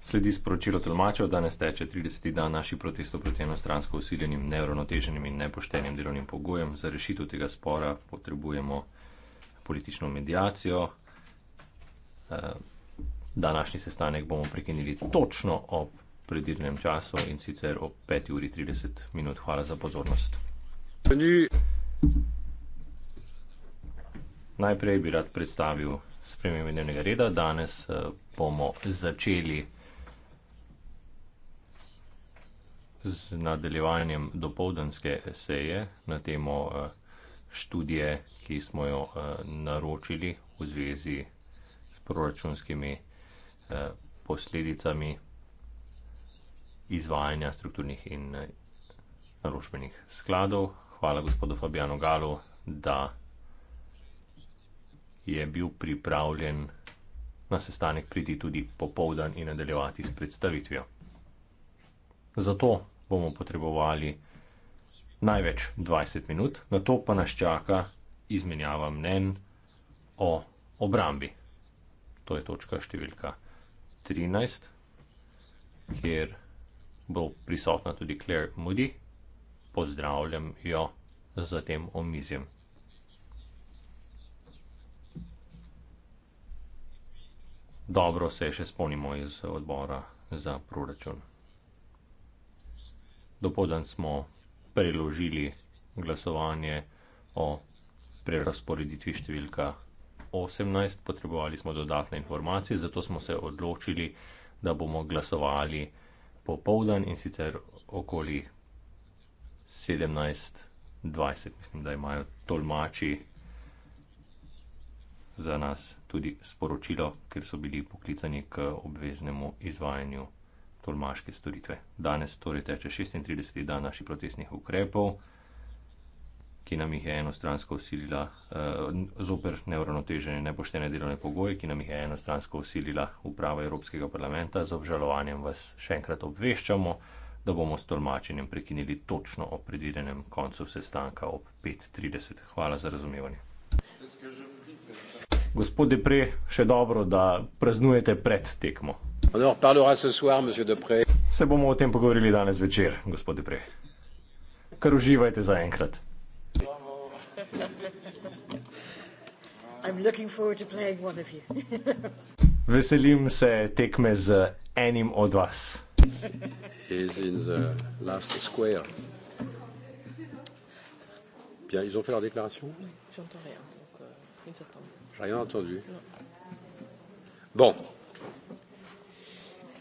Sledi sporočilo tolmačev, danes teče 30. dan naših protestov proti enostransko usiljenim, neuronoteženim in nepoštenim delovnim pogojem. Za rešitev tega spora potrebujemo politično medijacijo. Eh, današnji sestanek bomo prekinili točno ob predirnem času in sicer ob 5.30 minut. Hvala za pozornost. Najprej bi rad predstavil spremembe dnevnega reda. Danes eh, bomo začeli z nadaljevanjem dopoldanske seje na temo eh, študije, ki smo jo eh, naročili v zvezi s proračunskimi posledicami izvajanja strukturnih in naročbenih skladov. Hvala gospodu Fabijanu Galu, da je bil pripravljen na sestanek priti tudi popovdan in nadaljevati s predstavitvijo. Zato bomo potrebovali največ 20 minut, na to pa nas čaka izmenjava mnen o obrambi. To je točka številka 13, kjer bo prisotna tudi Claire Moody. Pozdravljam jo za tem omizjem. dobro se še spomnimo iz odbora za proračun. Dopodan smo preložili glasovanje o prerasporeditvi številka 18. Potrebovali smo dodatne informacije, zato smo se odločili, da bomo glasovali popovdan in sicer okoli 17.20. Mislim, da imajo tolmači za nas tudi sporočilo, ker so bili poklicani k obveznemu izvajanju tolmaške storitve. Danes torej teče 36. dan naših protestnih ukrepov, ki nam jih je enostransko usilila eh, zoper neuravnotežene nepoštene delovne pogoje, ki nam jih je enostransko usilila uprava Evropskega parlamenta. Z obžalovanjem vas še enkrat obveščamo, da bomo s tolmačenjem prekinili točno ob predvidenem koncu sestanka ob 5.30. Hvala za razumevanje. Gospod Depre, še dobro, da praznujete pred tekmo. Soir, Se bomo o tem pogovorili danes večer, gospod Depre. Kar uživajte za enkrat. Veselim se tekme z enim od vas. Bien, ils ont fait leur déclaration. Oui, j'entends rien, donc euh, ils attendent. Rien entendu. Bon.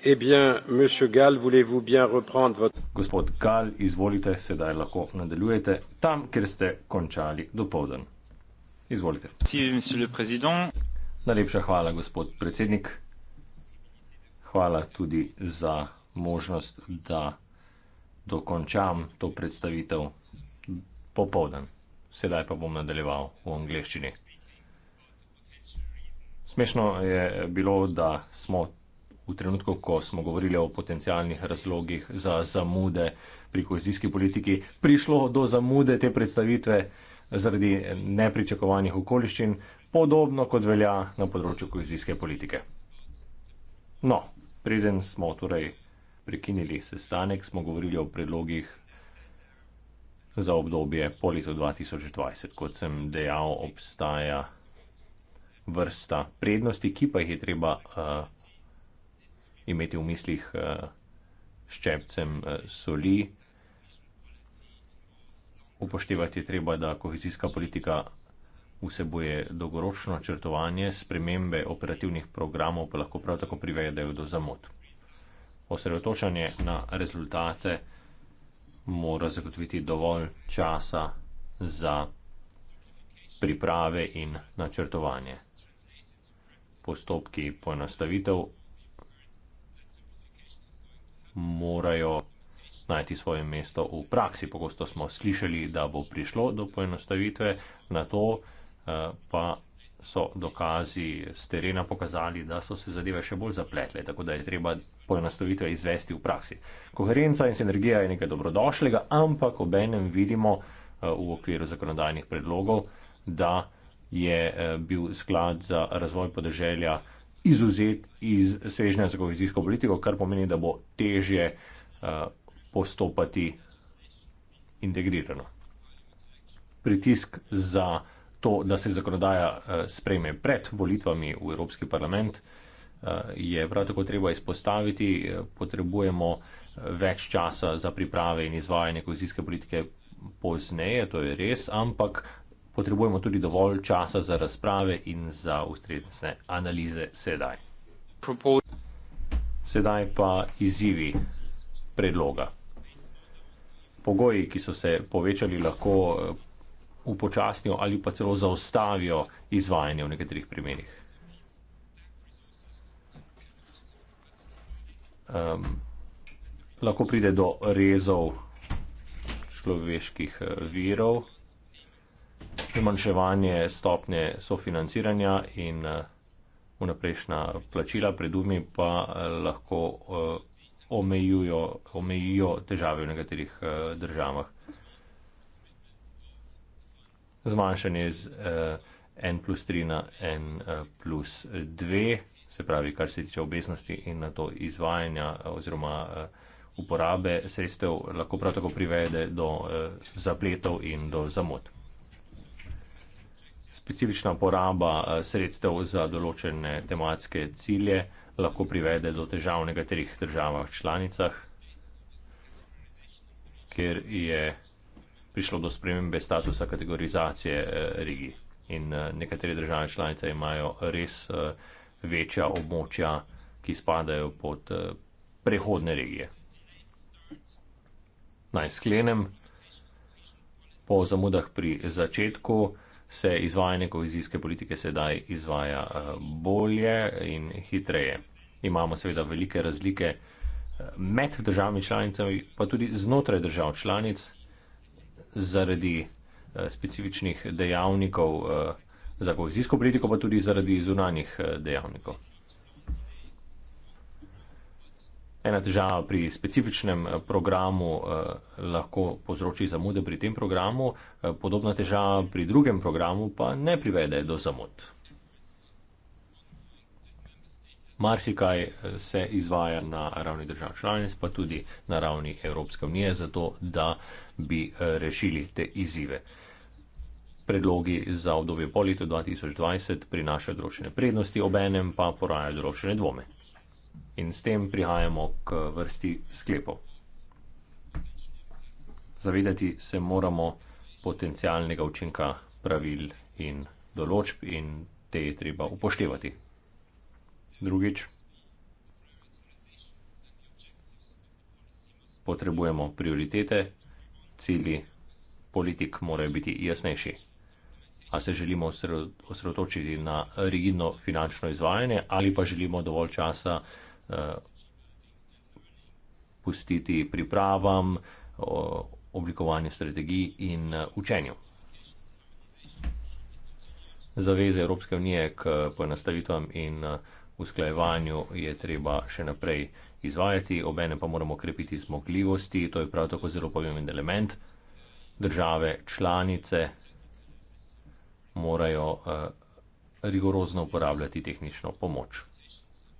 Eh bien, monsieur Gall, voulez-vous bien reprendre votre. Gospod Gall, izvolite, sedaj lahko nadaljujete tam, kjer ste končali dopoldan. Izvolite. Si, monsieur le président. Najlepša hvala, gospod predsednik. Hvala tudi za možnost, da dokončam to predstavitev popoldan. Sedaj pa bom nadaljeval v angleščini. Smešno je bilo, da smo v trenutku, ko smo govorili o potencijalnih razlogih za zamude pri kohezijski politiki, prišlo do zamude te predstavitve zaradi nepričakovanih okoliščin, podobno kot velja na področju kohezijske politike. No, preden smo torej prekinili sestanek, smo govorili o predlogih za obdobje po letu 2020. Kot sem dejal, obstaja vrsta prednosti, ki pa jih je treba uh, imeti v mislih uh, eh, ščepcem uh, eh, soli. Upoštevati je treba, da kohezijska politika vseboje dolgoročno načrtovanje, spremembe operativnih programov pa lahko prav tako privedejo do zamot. Osredotočanje na rezultate mora zagotoviti dovolj časa za priprave in načrtovanje postopki poenostavitev morajo najti svoje mesto v praksi. Pogosto smo slišali, da bo prišlo do poenostavitve, na to eh, pa so dokazi z terena pokazali, da so se zadeve še bolj zapletle, tako da je treba poenostavitve izvesti v praksi. Koherenca in sinergija je nekaj dobrodošlega, ampak obenem vidimo eh, v okviru zakonodajnih predlogov, da je eh, bil sklad za razvoj podeželja izuzet iz svežnja za kohezijsko politiko, kar pomeni, da bo težje eh, postopati integrirano. Pritisk za to, da se zakonodaja eh, sprejme pred volitvami v Evropski parlament, je prav tako treba izpostaviti. Potrebujemo več časa za priprave in izvajanje kohezijske politike pozneje, to je res, ampak potrebujemo tudi dovolj časa za razprave in za ustrezne analize sedaj. Sedaj pa izzivi predloga. Pogoji, ki so se povečali, lahko eh, upočasnijo ali pa celo zaustavijo izvajanje v nekaterih primerjih. Um, ehm, lahko pride do rezov človeških eh, virov zmanjševanje stopnje sofinanciranja in eh, vnaprejšnja plačila predumi pa eh, lahko eh, omejujo, omejujo težave v nekaterih državah. Zmanjšanje z n plus 3 na n plus 2, se pravi, kar se tiče obveznosti in na to izvajanja oziroma uporabe sredstev, lahko prav tako privede do zapletov in do zamot specifična poraba eh, sredstev za določene tematske cilje lahko privede do težav v nekaterih državah članicah, kjer je prišlo do spremembe statusa kategorizacije eh, regij. In eh, nekatere države članice imajo res večja območja, ki spadajo pod prehodne regije. Naj sklenem. Po zamudah pri začetku se izvajanje kohezijske politike sedaj izvaja eh, bolje in hitreje. Imamo seveda velike razlike eh, med državami članicami, pa tudi znotraj držav članic zaradi eh, specifičnih dejavnikov za kohezijsko politiko, pa tudi zaradi zunanjih dejavnikov. ena težava pri specifičnem eh, programu eh, lahko povzroči zamude pri tem programu, eh, podobna težava pri drugem programu pa ne privede do zamud. Marsikaj se izvaja na ravni držav članic, pa tudi na ravni Evropske unije, zato da bi rešili te izzive. Predlogi za obdobje po letu 2020 prinašajo določene prednosti, obenem pa porajajo določene dvome in s tem prihajamo k vrsti sklepov. Zavedati se moramo potencialnega učinka pravil in določb in te je treba upoštevati. Drugič, potrebujemo prioritete, cilji, politik morajo biti jasnejši. A se želimo osredotočiti na rigidno finančno izvajanje ali pa želimo dovolj časa, da Eh, pustiti pripravam, oblikovanju strategij in eh, učenju. Zaveze Evropske unije k poenostavitvam in eh, usklajevanju je treba še naprej izvajati, obene pa moramo krepiti zmogljivosti, to je prav tako zelo pomemben element. Države članice morajo rigorozno uporabljati tehnično pomoč.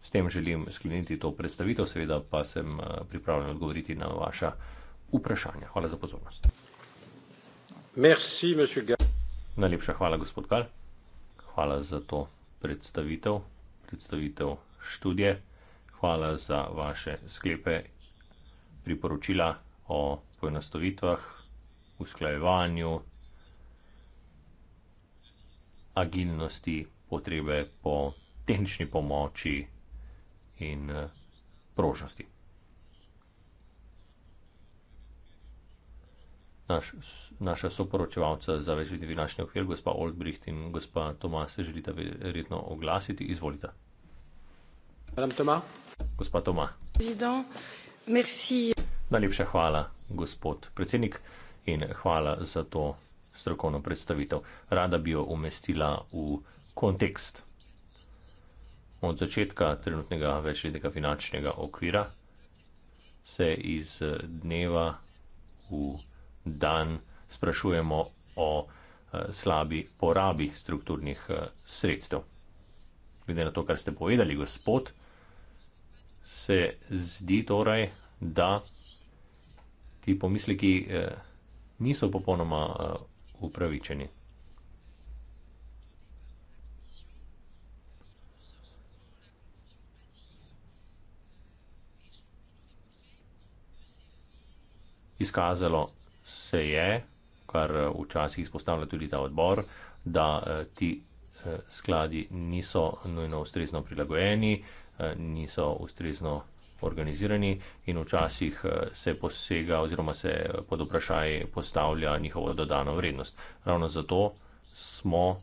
S tem želim skleniti to predstavitev, seveda pa sem eh, pripravljen odgovoriti na vaša vprašanja. Hvala za pozornost. Merci, Najlepša hvala, gospod Gal. Hvala za to predstavitev, predstavitev študije. Hvala za vaše sklepe, priporočila o poenostavitvah, usklajevanju, agilnosti, potrebe po tehnični pomoči in eh, prožnosti. Naš, naša soporočevalca za večni finančni okvir, gospa Oldbricht in gospa Tomas, se želite verjetno oglasiti. Izvolite. Gospa Tomas. Najlepša hvala, gospod predsednik, in hvala za to strokovno predstavitev. Rada bi jo umestila v kontekst. Od začetka trenutnega večletnega finančnega okvira se iz eh, dneva v dan sprašujemo o eh, slabi porabi strukturnih eh, sredstev. Glede na to, kar ste povedali, gospod, se zdi torej, da ti pomisleki niso popolnoma upravičeni. izkazalo se je, kar eh, včasih izpostavlja tudi ta odbor, da eh, ti eh, skladi niso nujno ustrezno prilagojeni, niso ustrezno organizirani in včasih se posega oziroma se pod vprašaj postavlja njihovo dodano vrednost. Ravno zato smo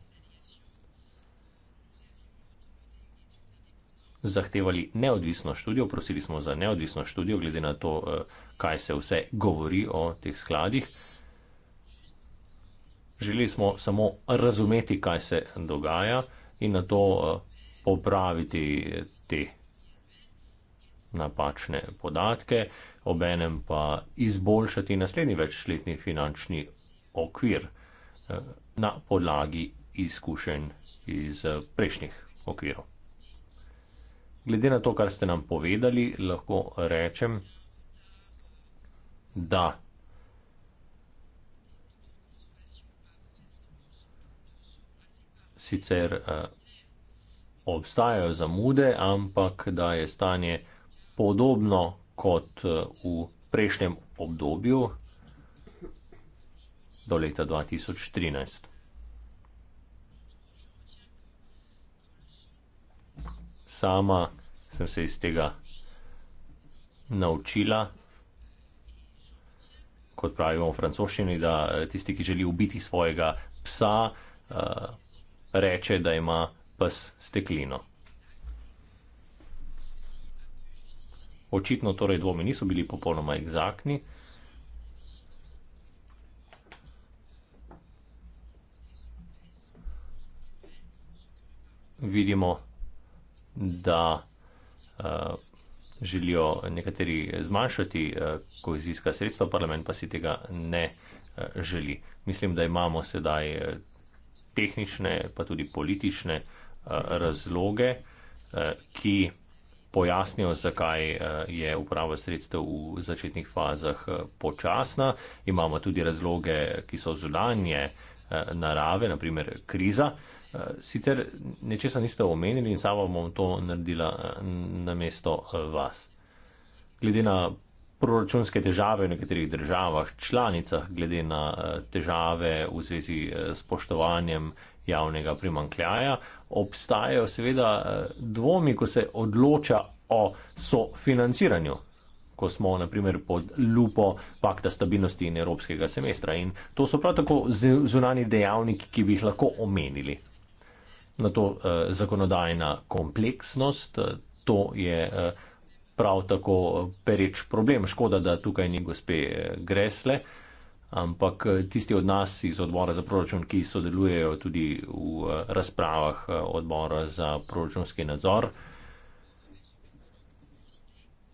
zahtevali neodvisno študijo, prosili smo za neodvisno študijo glede na to, kaj se vse govori o teh skladih. Želeli smo samo razumeti, kaj se dogaja in na to eh, popraviti te napačne podatke, obenem pa izboljšati naslednji večletni finančni okvir eh, na podlagi izkušenj iz eh, prejšnjih okvirov. Glede na to, kar ste nam povedali, lahko rečem, Da. Sicer eh, obstajajo zamude, ampak da je stanje podobno kot eh, v prejšnjem obdobju do leta 2013. Sama sem se iz tega naučila kot pravimo v francoščini, da eh, tisti, ki želi ubiti svojega psa, uh, reče, da ima pes steklino. Očitno torej dvomi niso bili popolnoma egzaktni. Vidimo, da uh, želijo nekateri zmanjšati eh, kohezijska sredstva, parlament pa si tega ne eh, želi. Mislim, da imamo sedaj eh, tehnične, pa tudi politične razloge, ki pojasnijo, zakaj je uprava sredstev v začetnih fazah počasna. Imamo tudi razloge, ki so zunanje narave, naprimer kriza sicer nečesa niste omenili in sama bom to naredila eh, na mesto eh, vas. Glede na proračunske težave v nekaterih državah, članicah, glede na eh, težave v zvezi s poštovanjem javnega primankljaja, obstajajo seveda dvomi, ko se odloča o sofinanciranju ko smo naprimer pod lupo pakta stabilnosti in evropskega semestra. In to so prav tako zunani dejavniki, ki bi jih lahko omenili na to eh, zakonodajna kompleksnost. Eh, to je eh, prav tako pereč problem. Škoda, da tukaj ni gospe eh, Gresle, ampak tisti od nas iz odbora za proračun, ki sodelujejo tudi v razpravah odbora za proračunski nadzor,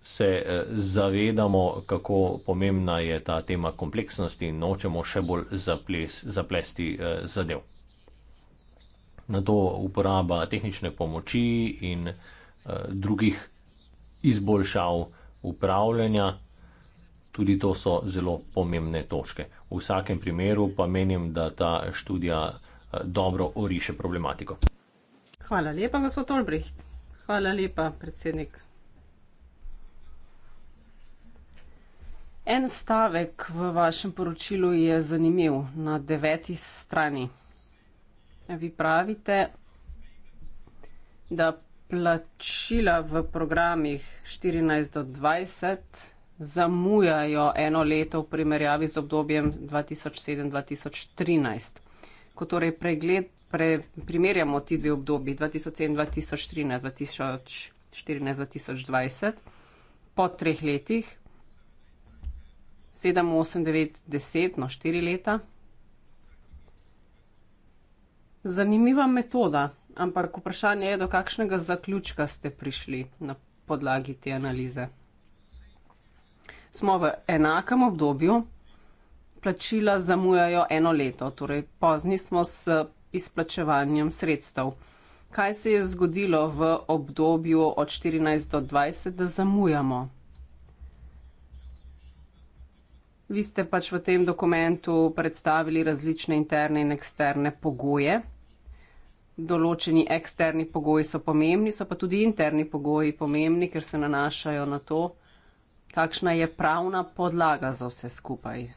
se zavedamo, kako pomembna je ta tema kompleksnosti in nočemo še bolj zaples, zaplesti zadev na to uporaba tehnične pomoči in uh, drugih izboljšav upravljanja. Tudi to so zelo pomembne točke. V vsakem primeru pa menim, da ta študija eh, dobro oriše problematiko. Hvala lepa, gospod Olbricht. Hvala lepa, predsednik. En stavek v vašem poročilu je zanimiv na deveti strani vi pravite, da plačila v programih 14 do 20 zamujajo eno leto v primerjavi z obdobjem 2007-2013. Ko torej pregled, pre, primerjamo ti dve obdobji 2007-2013-2014-2020, po treh letih, 7, 8, 9, 10, no štiri leta, Zanimiva metoda, ampak vprašanje je, do kakšnega zaključka ste prišli na podlagi te analize. Smo v enakem obdobju, plačila zamujajo eno leto, torej pozni smo s izplačevanjem sredstev. Kaj se je zgodilo v obdobju od 14 do 20, da zamujamo? Vi ste pač v tem dokumentu predstavili različne interne in eksterne pogoje. Določeni eksterni pogoji so pomembni, so pa tudi interni pogoji pomembni, ker se nanašajo na to, kakšna je pravna podlaga za vse skupaj.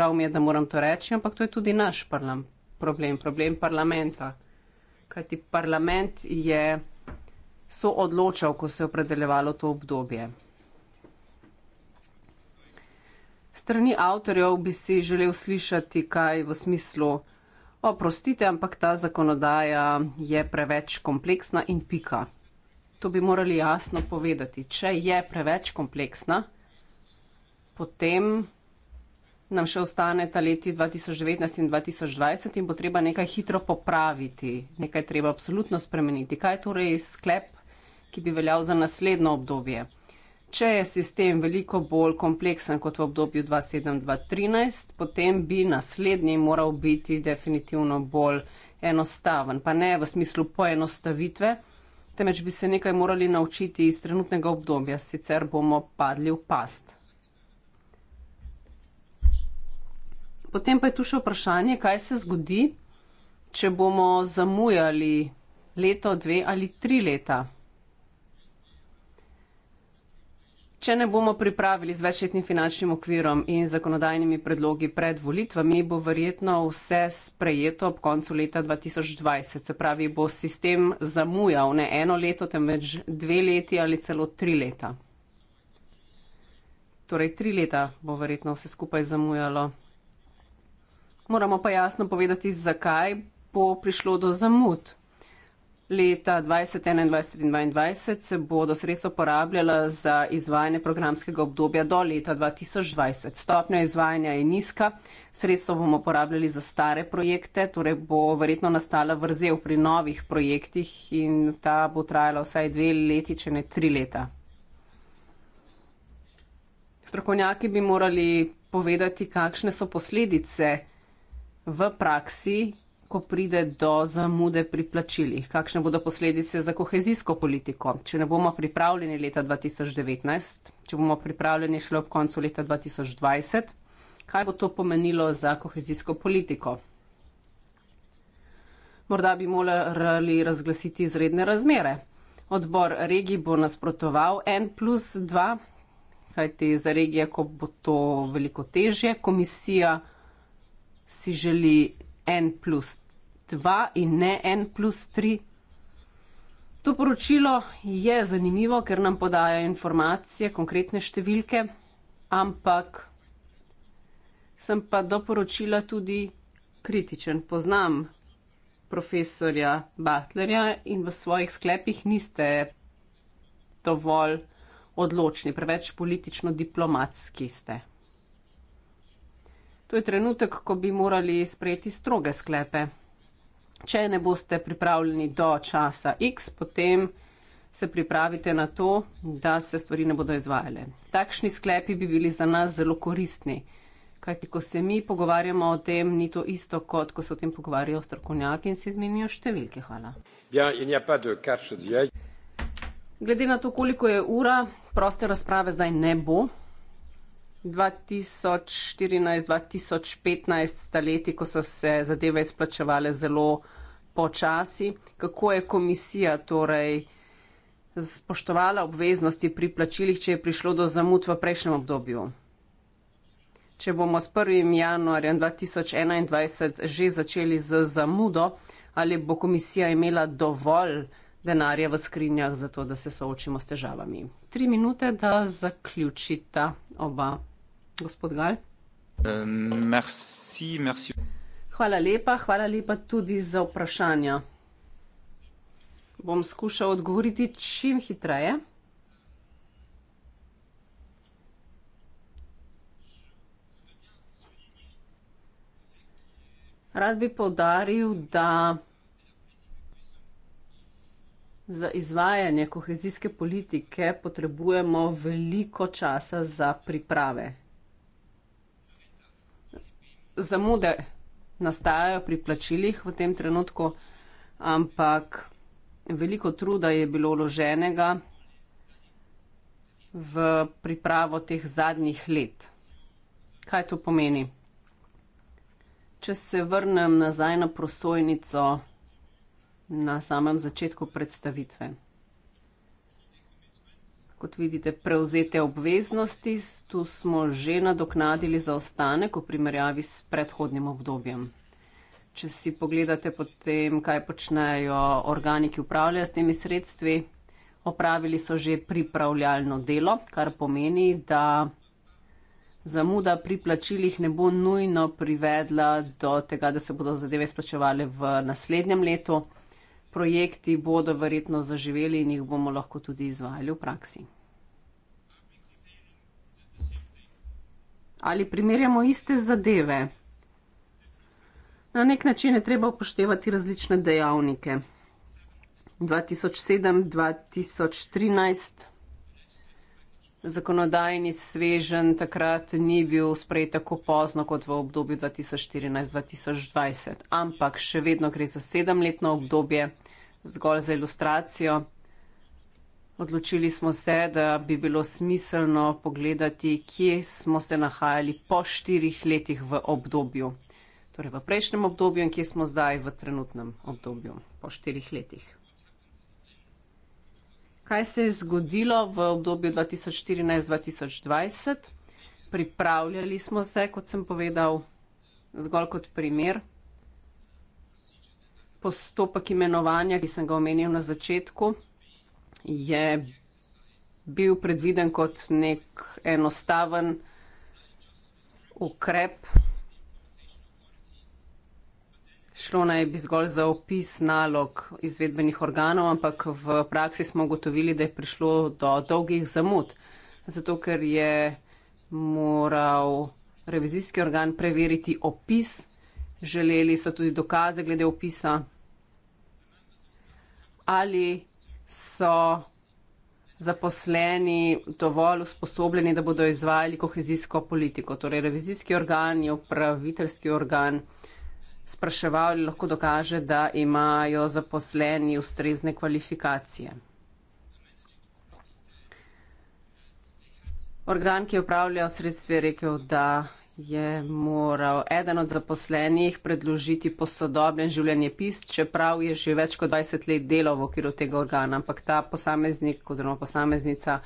Žal mi je, da moram to reči, ampak to je tudi naš parlam problem, problem parlamenta. Kajti parlament je soodločal, ko se je opredeljevalo to obdobje strani avtorjev bi si želel slišati kaj v smislu, oprostite, ampak ta zakonodaja je preveč kompleksna in pika. To bi morali jasno povedati. Če je preveč kompleksna, potem nam še ostane ta leti 2019 in 2020 in bo treba nekaj hitro popraviti, nekaj treba absolutno spremeniti. Kaj je torej sklep, ki bi veljal za naslednjo obdobje? Če je sistem veliko bolj kompleksen kot v obdobju 2007-2013, potem bi naslednji moral biti definitivno bolj enostaven, pa ne v smislu poenostavitve, temveč bi se nekaj morali naučiti iz trenutnega obdobja, sicer bomo padli v past. Potem pa je tu še vprašanje, kaj se zgodi, če bomo zamujali leto, dve ali tri leta. Če ne bomo pripravili z večletnim finančnim okvirom in zakonodajnimi predlogi pred volitvami, bo verjetno vse sprejeto ob koncu leta 2020. Se pravi, bo sistem zamujal ne eno leto, temveč dve leti ali celo tri leta. Torej, tri leta bo verjetno vse skupaj zamujalo. Moramo pa jasno povedati, zakaj bo prišlo do zamud. Leta 2021 in 2022 se bodo sredstva porabljala za izvajanje programskega obdobja do leta 2020. Stopnja izvajanja je nizka, sredstva bomo porabljali za stare projekte, torej bo verjetno nastala vrzel pri novih projektih in ta bo trajala vsaj dve leti, če ne tri leta. Strokovnjaki bi morali povedati, kakšne so posledice v praksi, ko pride do zamude pri plačilih? Kakšne bodo posledice za kohezijsko politiko, če ne bomo pripravljeni leta 2019, če bomo pripravljeni šele ob koncu leta 2020? Kaj bo to pomenilo za kohezijsko politiko? Morda bi morali razglasiti izredne razmere. Odbor regij bo nasprotoval en plus dva, kajti za regije, ko bo to veliko težje, komisija si želi en plus 2 in ne 1 plus 3. To poročilo je zanimivo, ker nam podaja informacije, konkretne številke, ampak sem pa do poročila tudi kritičen. Poznam profesorja Butlerja in v svojih sklepih niste dovolj odločni, preveč politično-diplomatski ste. To je trenutek, ko bi morali sprejeti stroge sklepe če ne boste pripravljeni do časa X, potem se pripravite na to, da se stvari ne bodo izvajale. Takšni sklepi bi bili za nas zelo koristni, kajti ko se mi pogovarjamo o tem, ni to isto, kot ko se o tem pogovarjajo strokovnjaki in se izmenijo številke. Hvala. Glede na to, koliko je ura, proste razprave zdaj ne bo. 2014-2015 sta leti, ko so se zadeve izplačevale zelo počasi. Kako je komisija torej spoštovala obveznosti pri plačilih, če je prišlo do zamud v prejšnjem obdobju? Če bomo s 1. januarjem 2021 že začeli z zamudo, ali bo komisija imela dovolj denarja v skrinjah za to, da se soočimo s težavami? Tri minute, da zaključita oba gospod Gal. Ehm, merci, merci. Hvala lepa, hvala lepa tudi za vprašanja. Bom skušal odgovoriti čim hitreje. Rad bi povdaril, da za izvajanje kohezijske politike potrebujemo veliko časa za priprave zamude nastajajo pri plačilih v tem trenutku, ampak veliko truda je bilo vloženega v pripravo teh zadnjih let. Kaj to pomeni? Če se vrnem nazaj na prosojnico na samem začetku predstavitve kot vidite, prevzete obveznosti, tu smo že nadoknadili zaostanek v primerjavi s predhodnim obdobjem. Če si pogledate potem, kaj počnejo organi, ki upravljajo s temi sredstvi, opravili so že pripravljalno delo, kar pomeni, da zamuda pri plačilih ne bo nujno privedla do tega, da se bodo zadeve splačevale v naslednjem letu projekti bodo verjetno zaživeli in jih bomo lahko tudi izvajali v praksi. Ali primerjamo iste zadeve? Na nek način je treba upoštevati različne dejavnike. 2007, 2013. Zakonodajni svežen takrat ni bil sprejet tako pozno kot v obdobju 2014-2020, ampak še vedno gre za sedemletno obdobje, zgolj za ilustracijo. Odločili smo se, da bi bilo smiselno pogledati, kje smo se nahajali po štirih letih v obdobju, torej v prejšnjem obdobju in kje smo zdaj v trenutnem obdobju po štirih letih kaj se je zgodilo v obdobju 2014-2020. Pripravljali smo se, kot sem povedal, zgolj kot primer. Postopek imenovanja, ki sem ga omenil na začetku, je bil predviden kot nek enostaven ukrep, Šlo naj bi zgolj za opis nalog izvedbenih organov, ampak v praksi smo ugotovili, da je prišlo do dolgih zamud, zato ker je moral revizijski organ preveriti opis, želeli so tudi dokaze glede opisa, ali so zaposleni dovolj usposobljeni, da bodo izvajali kohezijsko politiko. Torej, revizijski organ je upraviteljski organ spraševal, ali lahko dokaže, da imajo zaposleni ustrezne kvalifikacije. Organ, ki je upravljal sredstvo, je rekel, da je moral eden od zaposlenih predložiti posodobljen življenjepis, čeprav je že več kot 20 let delal v okviru tega organa, ampak ta posameznik oziroma posameznica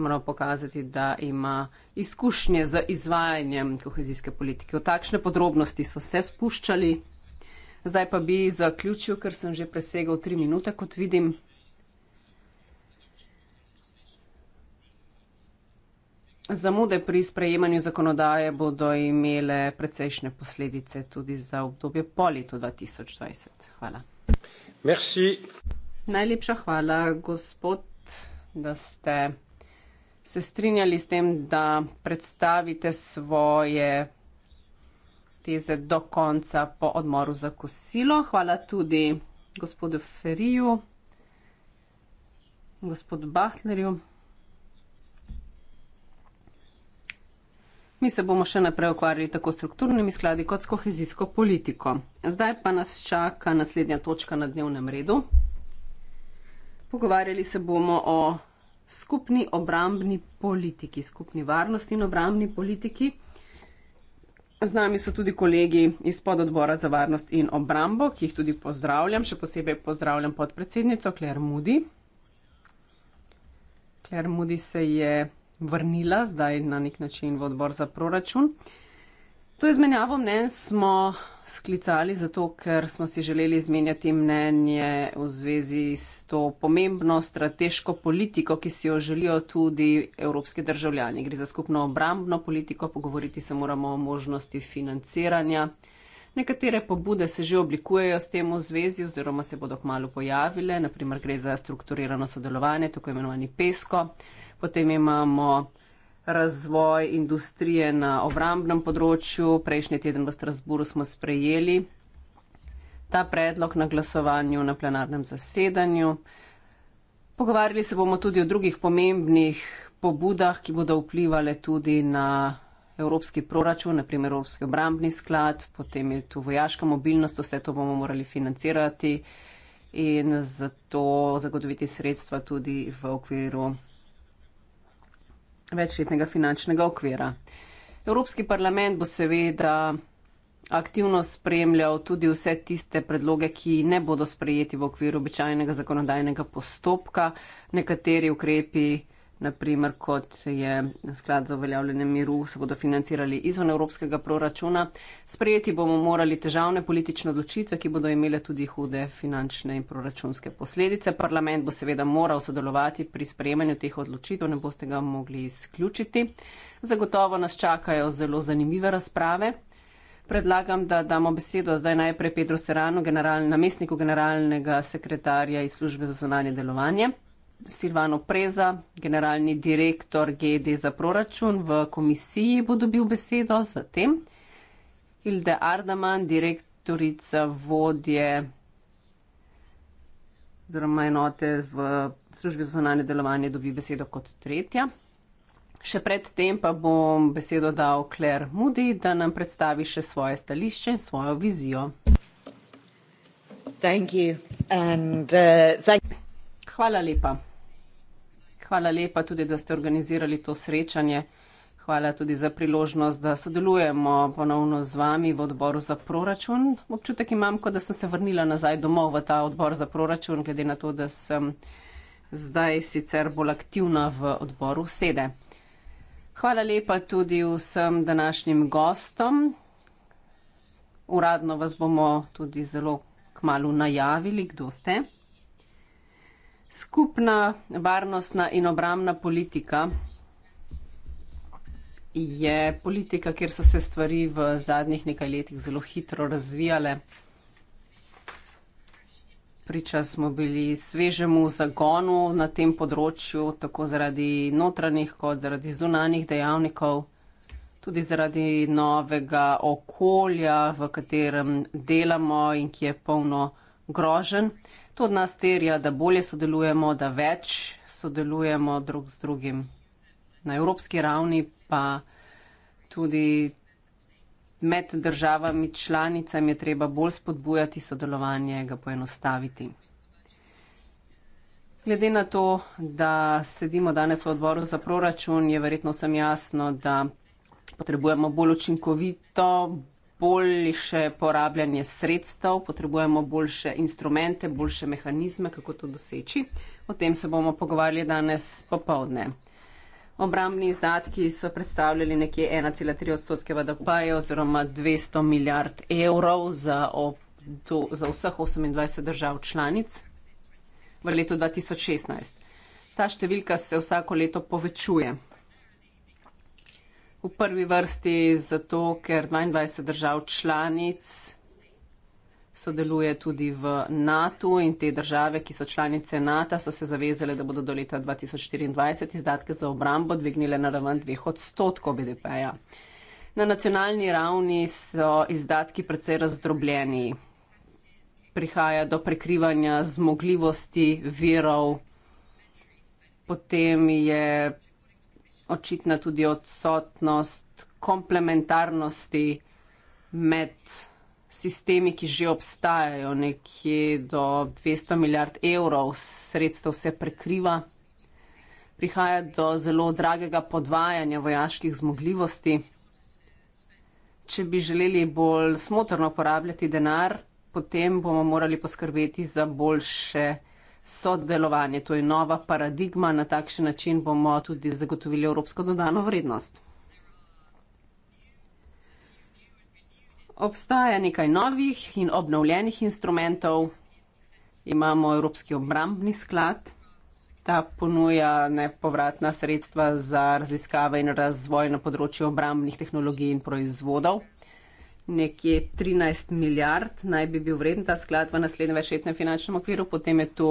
moral pokazati, da ima izkušnje z izvajanjem kohezijske politike. V takšne podrobnosti so se spuščali. Zdaj pa bi zaključil, ker sem že presegal tri minute, kot vidim. Zamude pri sprejemanju zakonodaje bodo imele precejšne posledice tudi za obdobje po letu 2020. Hvala. Merci. Najlepša hvala, gospod, da ste se strinjali s tem, da predstavite svoje teze do konca po odmoru za kosilo. Hvala tudi gospodu Feriju, gospodu Bahtlerju. Mi se bomo še naprej ukvarjali tako s strukturnimi skladi kot s kohezijsko politiko. Zdaj pa nas čaka naslednja točka na dnevnem redu. Pogovarjali se bomo o skupni obrambni politiki, skupni varnostni in obrambni politiki. Z nami so tudi kolegi iz pododbora za varnost in obrambo, ki jih tudi pozdravljam, še posebej pozdravljam podpredsednico Claire Moody. Claire Moody se je vrnila zdaj na nek način v odbor za proračun. To izmenjavo mnen smo sklicali zato, ker smo si želeli izmenjati mnenje v zvezi s to pomembno strateško politiko, ki si jo želijo tudi evropske državljani. Gre za skupno obrambno politiko, pogovoriti se moramo o možnosti financiranja. Nekatere pobude se že oblikujejo s tem v zvezi oziroma se bodo kmalo pojavile, naprimer gre za strukturirano sodelovanje, tako imenovani PESCO. Potem imamo razvoj industrije na obrambnem področju. Prejšnji teden v Strasburu smo sprejeli ta predlog na glasovanju na plenarnem zasedanju. Pogovarjali se bomo tudi o drugih pomembnih pobudah, ki bodo vplivali tudi na evropski proračun, naprimer Evropski obrambni sklad, potem je tu vojaška mobilnost, vse to bomo morali financirati in zato zagotoviti sredstva tudi v okviru večletnega finančnega okvira. Evropski parlament bo seveda aktivno spremljal tudi vse tiste predloge, ki ne bodo sprejeti v okviru običajnega zakonodajnega postopka. Nekateri ukrepi naprimer kot je sklad za uveljavljanje miru, se bodo financirali izven evropskega proračuna. Sprejeti bomo morali težavne politične odločitve, ki bodo imele tudi hude finančne in proračunske posledice. Parlament bo seveda moral sodelovati pri sprejemanju teh odločitev, ne boste ga mogli izključiti. Zagotovo nas čakajo zelo zanimive razprave. Predlagam, da damo besedo zdaj najprej Pedro Serrano, general, namestniku generalnega sekretarja iz službe za zonanje delovanje. Silvano Preza, generalni direktor GED za proračun v komisiji, bo dobil besedo, zatem Hilde Ardaman, direktorica vodje oziroma enote v službi za zonanje delovanje, dobi besedo kot tretja. Še predtem pa bom besedo dal Claire Moody, da nam predstavi še svoje stališče in svojo vizijo. Uh, Hvala lepa. Hvala lepa tudi, da ste organizirali to srečanje. Hvala tudi za priložnost, da sodelujemo ponovno z vami v odboru za proračun. Občutek imam, kot da sem se vrnila nazaj domov v ta odbor za proračun, glede na to, da sem zdaj sicer bolj aktivna v odboru sede. Hvala lepa tudi vsem današnjim gostom. Uradno vas bomo tudi zelo k malu najavili, kdo ste. Skupna varnostna in obramna politika je politika, kjer so se stvari v zadnjih nekaj letih zelo hitro razvijale. Priča smo bili svežemu zagonu na tem področju, tako zaradi notranjih kot zaradi zunanjih dejavnikov, tudi zaradi novega okolja, v katerem delamo in ki je polno groženj to od nas terja, da bolje sodelujemo, da več sodelujemo drug z drugim. Na evropski ravni pa tudi med državami članicami je treba bolj spodbujati sodelovanje, ga poenostaviti. Glede na to, da sedimo danes v odboru za proračun, je verjetno vsem jasno, da potrebujemo bolj učinkovito, boljše porabljanje sredstev, potrebujemo boljše instrumente, boljše mehanizme, kako to doseči. O tem se bomo pogovarjali danes popovdne. Obrambni izdatki so predstavljali nekje 1,3 odstotke VDP-ja oziroma 200 milijard evrov za, obdu, za vseh 28 držav članic v letu 2016. Ta številka se vsako leto povečuje. V prvi vrsti zato, ker 22 držav članic sodeluje tudi v NATO in te države, ki so članice NATO, so se zavezale, da bodo do leta 2024 izdatke za obrambo dvignile na raven 2 odstotkov BDP-ja. Na nacionalni ravni so izdatki precej razdrobljeni. Prihaja do prekrivanja zmogljivosti virov, potem je očitna tudi odsotnost komplementarnosti med sistemi, ki že obstajajo, nekje do 200 milijard evrov sredstev se prekriva, prihaja do zelo dragega podvajanja vojaških zmogljivosti. Če bi želeli bolj smotrno uporabljati denar, potem bomo morali poskrbeti za boljše sodelovanje, to je nova paradigma, na takšen način bomo tudi zagotovili evropsko dodano vrednost. Obstaja nekaj novih in obnovljenih instrumentov. Imamo Evropski obrambni sklad, ta ponuja nepovratna sredstva za raziskave in razvoj na področju obrambnih tehnologij in proizvodov nekje 13 milijard naj bi bil vreden ta sklad v naslednjem večletnem finančnem okviru, potem je tu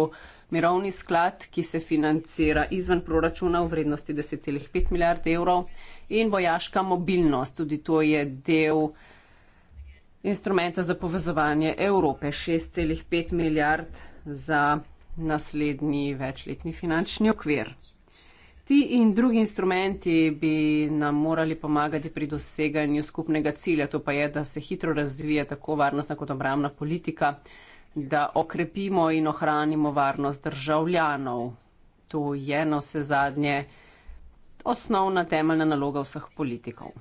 mirovni sklad, ki se financira izven proračuna v vrednosti 10,5 milijard evrov in vojaška mobilnost, tudi to je del instrumenta za povezovanje Evrope, 6,5 milijard za naslednji večletni finančni okvir. Ti in drugi instrumenti bi nam morali pomagati pri doseganju skupnega cilja, to pa je, da se hitro razvije tako varnostna kot obramna politika, da okrepimo in ohranimo varnost državljanov. To je na vse zadnje osnovna temeljna naloga vseh politikov.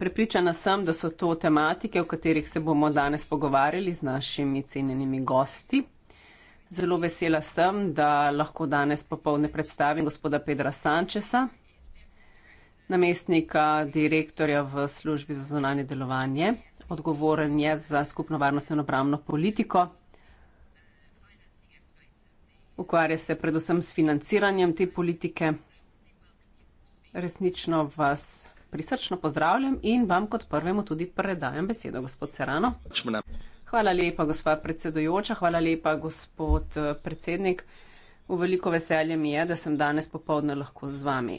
Pripričana sem, da so to tematike, o katerih se bomo danes pogovarjali z našimi cenjenimi gosti. Zelo vesela sem, da lahko danes popovdne predstavim gospoda Pedra Sančesa, namestnika direktorja v službi za zunanje delovanje. Odgovoren je za skupno varnost in obramno politiko. Ukvarja se predvsem s financiranjem te politike. Resnično vas prisrčno pozdravljam in vam kot prvemu tudi predajam besedo, gospod Serano. Čmena. Hvala lepa, gospa predsedujoča, hvala lepa, gospod eh, predsednik. V veliko veselje mi je, da sem danes popovdne lahko z vami.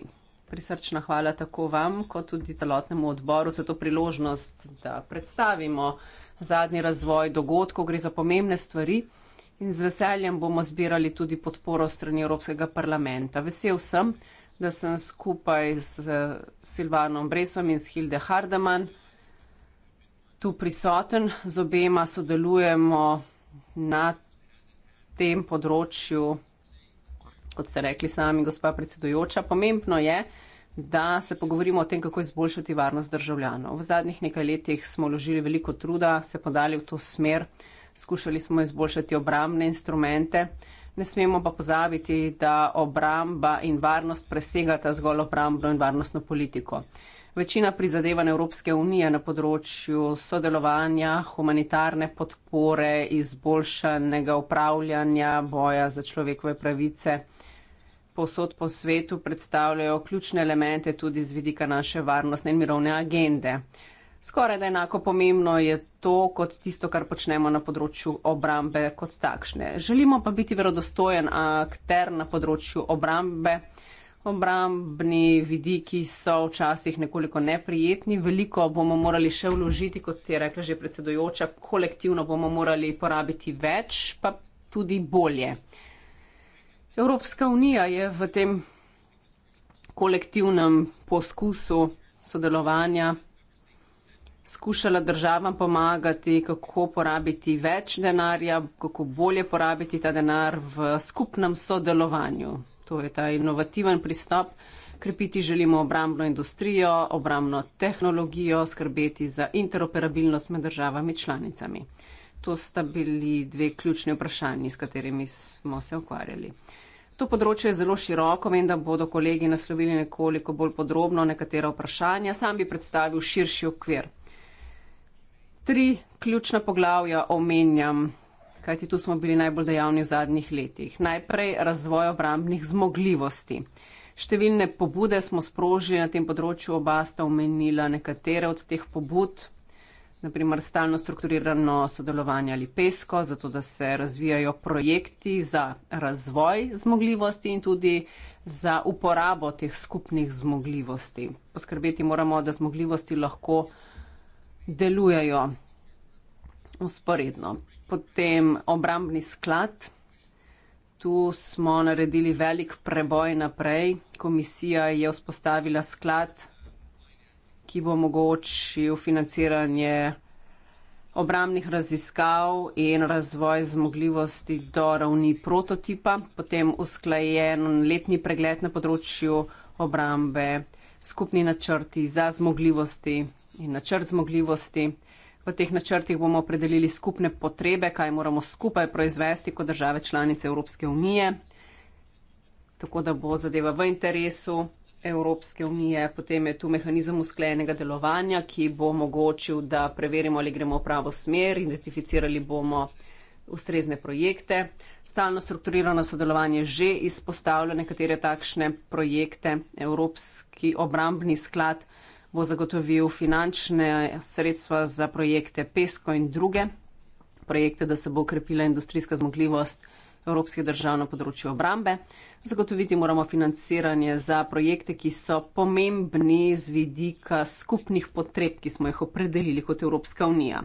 Prisrčna hvala tako vam, kot tudi celotnemu odboru za to priložnost, da predstavimo zadnji razvoj dogodkov, gre za pomembne stvari in z veseljem bomo zbirali tudi podporo strani Evropskega parlamenta. Vesel sem, da sem skupaj s eh, Silvanom Bresom in s Hilde Hardeman tu prisoten, z obema sodelujemo na tem področju, kot ste rekli sami, gospa predsedujoča. Pomembno je, da se pogovorimo o tem, kako izboljšati varnost državljanov. V zadnjih nekaj letih smo vložili veliko truda, se podali v to smer, skušali smo izboljšati obramne instrumente. Ne smemo pa pozabiti, da obramba in varnost presegata zgolj obrambno in varnostno politiko večina prizadevanj Evropske unije na področju sodelovanja, humanitarne podpore, izboljšanega upravljanja, boja za človekove pravice posod po svetu predstavljajo ključne elemente tudi z vidika naše varnostne in mirovne agende. Skoraj da enako pomembno je to, kot tisto, kar počnemo na področju obrambe kot takšne. Želimo pa biti verodostojen akter na področju obrambe obrambni vidiki so včasih nekoliko neprijetni, veliko bomo morali še vložiti, kot je rekla že predsedujoča, kolektivno bomo morali porabiti več, pa tudi bolje. Evropska unija je v tem kolektivnem poskusu sodelovanja skušala državam pomagati, kako porabiti več denarja, kako bolje porabiti ta denar v skupnem sodelovanju. To je ta inovativen pristop. Krepiti želimo obrambno industrijo, obrambno tehnologijo, skrbeti za interoperabilnost med državami članicami. To sta bili dve ključni vprašanji, s katerimi smo se ukvarjali. To področje je zelo široko, vem, da bodo kolegi naslovili nekoliko bolj podrobno nekatera vprašanja. Sam bi predstavil širši okvir. Tri ključna poglavja omenjam kajti tu smo bili najbolj dejavni v zadnjih letih. Najprej razvoj obrambnih zmogljivosti. Številne pobude smo sprožili na tem področju, oba sta omenila nekatere od teh pobud, naprimer stalno strukturirano sodelovanje ali pesko, zato da se razvijajo projekti za razvoj zmogljivosti in tudi za uporabo teh skupnih zmogljivosti. Poskrbeti moramo, da zmogljivosti lahko delujejo usporedno. Potem obrambni sklad. Tu smo naredili velik preboj naprej. Komisija je vzpostavila sklad, ki bo omogočil financiranje obrambnih raziskav in razvoj zmogljivosti do ravni prototipa. Potem usklajen letni pregled na področju obrambe, skupni načrti za zmogljivosti in načrt zmogljivosti. V teh načrtih bomo opredelili skupne potrebe, kaj moramo skupaj proizvesti kot države članice Evropske unije, tako da bo zadeva v interesu Evropske unije. Potem je tu mehanizem usklejenega delovanja, ki bo omogočil, da preverimo, ali gremo v pravo smer, identificirali bomo ustrezne projekte. Stalno strukturirano sodelovanje že izpostavlja nekatere takšne projekte. Evropski obrambni sklad bo zagotovil finančne sredstva za projekte PESCO in druge projekte, da se bo okrepila industrijska zmogljivost evropskih držav na področju obrambe. Zagotoviti moramo financiranje za projekte, ki so pomembni z vidika skupnih potreb, ki smo jih opredelili kot Evropska unija.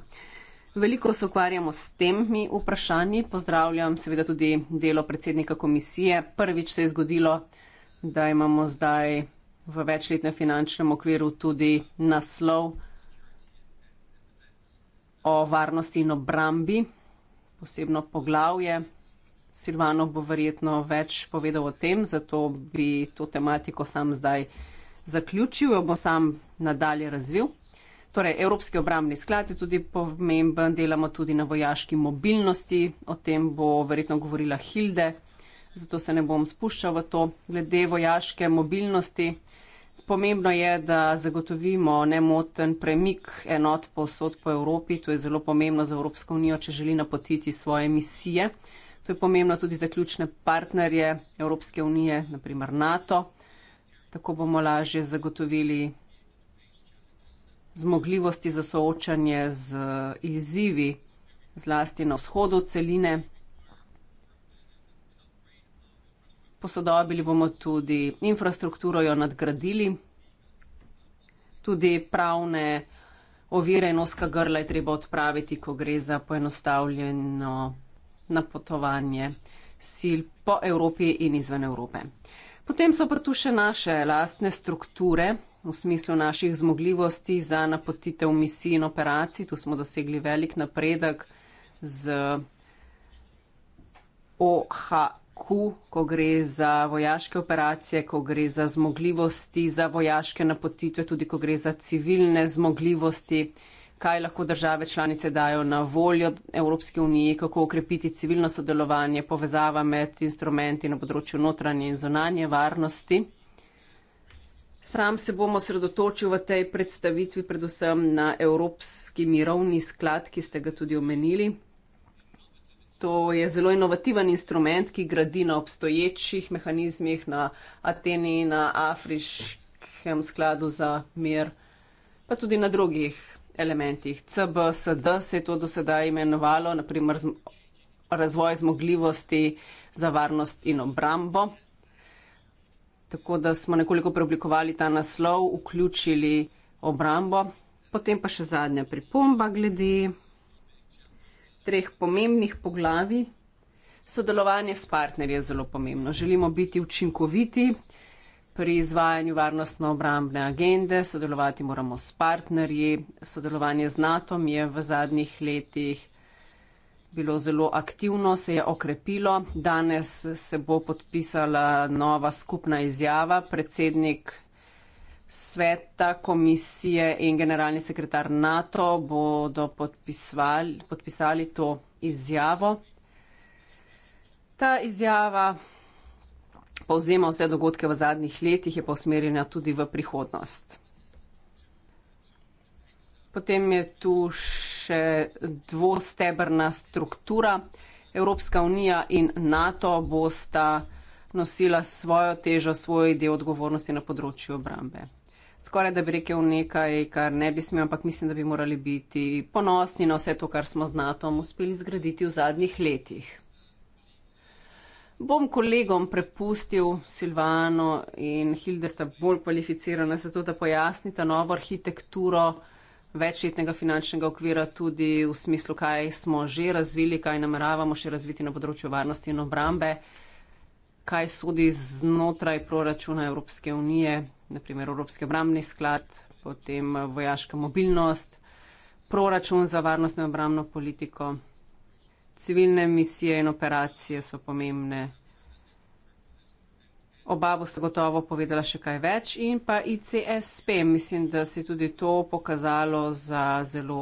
Veliko se ukvarjamo s temi vprašanji. Pozdravljam seveda tudi delo predsednika komisije. Prvič se je zgodilo, da imamo zdaj v večletnem finančnem okviru tudi naslov o varnosti in obrambi, posebno poglavje. Silvano bo verjetno več povedal o tem, zato bi to tematiko sam zdaj zaključil, jo bo sam nadalje razvil. Torej, Evropski obrambni sklad je tudi pomemben, delamo tudi na vojaški mobilnosti, o tem bo verjetno govorila Hilde, zato se ne bom spuščal v to. Glede vojaške mobilnosti, Pomembno je, da zagotovimo nemoten premik enot posod po Evropi. To je zelo pomembno za Evropsko unijo, če želi napotiti svoje misije. To je pomembno tudi za ključne partnerje Evropske unije, naprimer NATO. Tako bomo lažje zagotovili zmogljivosti za soočanje z izzivi, zlasti na vzhodu celine. posodobili bomo tudi infrastrukturo, jo nadgradili, tudi pravne ovire in oska grla je treba odpraviti, ko gre za poenostavljeno napotovanje sil po Evropi in izven Evrope. Potem so pa tu še naše lastne strukture v smislu naših zmogljivosti za napotitev misij in operacij. Tu smo dosegli velik napredek z OH Baku, ko gre za vojaške operacije, ko gre za zmogljivosti za vojaške napotitve, tudi ko gre za civilne zmogljivosti, kaj lahko države članice dajo na voljo Evropske unije, kako okrepiti civilno sodelovanje, povezava med instrumenti na področju notranje in zonanje varnosti. Sam se bom osredotočil v tej predstavitvi predvsem na Evropski mirovni sklad, ki ste ga tudi omenili, To je zelo inovativen instrument, ki gradi na obstoječih mehanizmih na Ateni, na Afriškem skladu za mir, pa tudi na drugih elementih. CBSD se je to do sedaj imenovalo, naprimer razvoj zmogljivosti za varnost in obrambo. Tako da smo nekoliko preoblikovali ta naslov, vključili obrambo. Potem pa še zadnja pripomba glede treh pomembnih poglavij. Sodelovanje s partnerji je zelo pomembno. Želimo biti učinkoviti pri izvajanju varnostno-obrambne agende, sodelovati moramo s partnerji. Sodelovanje z NATO je v zadnjih letih bilo zelo aktivno, se je okrepilo. Danes se bo podpisala nova skupna izjava. Predsednik sveta, komisije in generalni sekretar NATO bodo podpisali, podpisali to izjavo. Ta izjava povzema vse dogodke v zadnjih letih, je pa usmerjena tudi v prihodnost. Potem je tu še dvostebrna struktura. Evropska unija in NATO bosta nosila svojo težo, svoj del odgovornosti na področju obrambe skoraj da bi rekel nekaj, kar ne bi smel, ampak mislim, da bi morali biti ponosni na vse to, kar smo z NATO-om uspeli zgraditi v zadnjih letih. Bom kolegom prepustil Silvano in Hilde sta bolj kvalificirana za to, da pojasnita novo arhitekturo večletnega finančnega okvira tudi v smislu, kaj smo že razvili, kaj nameravamo še razviti na področju varnosti in obrambe, kaj sodi znotraj proračuna Evropske unije, naprimer Evropski obramni sklad, potem eh, vojaška mobilnost, proračun za varnostno in obramno politiko, civilne misije in operacije so pomembne. Oba boste gotovo povedala še kaj več in pa ICSP. Mislim, da se je tudi to pokazalo za zelo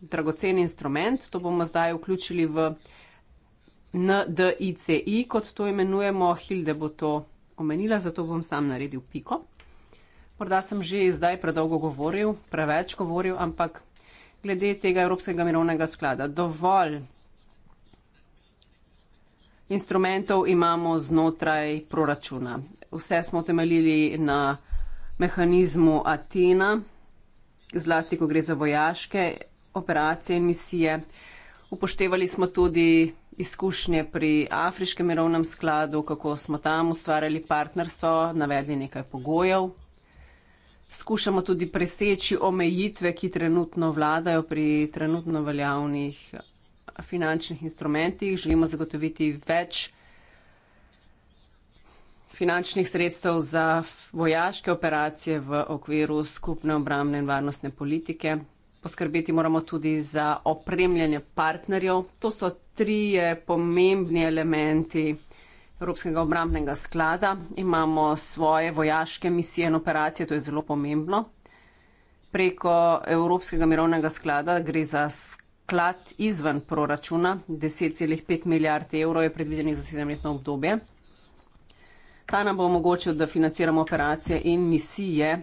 dragocen instrument. To bomo zdaj vključili v NDICI, kot to imenujemo. Hilde bo to omenila, zato bom sam naredil piko. Morda sem že zdaj predolgo govoril, preveč govoril, ampak glede tega Evropskega mirovnega sklada. Dovolj instrumentov imamo znotraj proračuna. Vse smo temeljili na mehanizmu Atena, zlasti, ko gre za vojaške operacije in misije. Upoštevali smo tudi izkušnje pri Afriškem mirovnem skladu, kako smo tam ustvarjali partnerstvo, navedli nekaj pogojev skušamo tudi preseči omejitve, ki trenutno vladajo pri trenutno veljavnih eh, finančnih instrumentih. Želimo zagotoviti več finančnih sredstev za vojaške operacije v okviru skupne obramne in varnostne politike. Poskrbeti moramo tudi za opremljanje partnerjev. To so trije pomembni elementi. Evropskega obrambnega sklada, imamo svoje vojaške misije in operacije, to je zelo pomembno. Preko Evropskega mirovnega sklada gre za sklad izven proračuna, 10,5 milijard evrov je predvidenih za sedemletno obdobje. Ta nam bo omogočil, da financiramo operacije in misije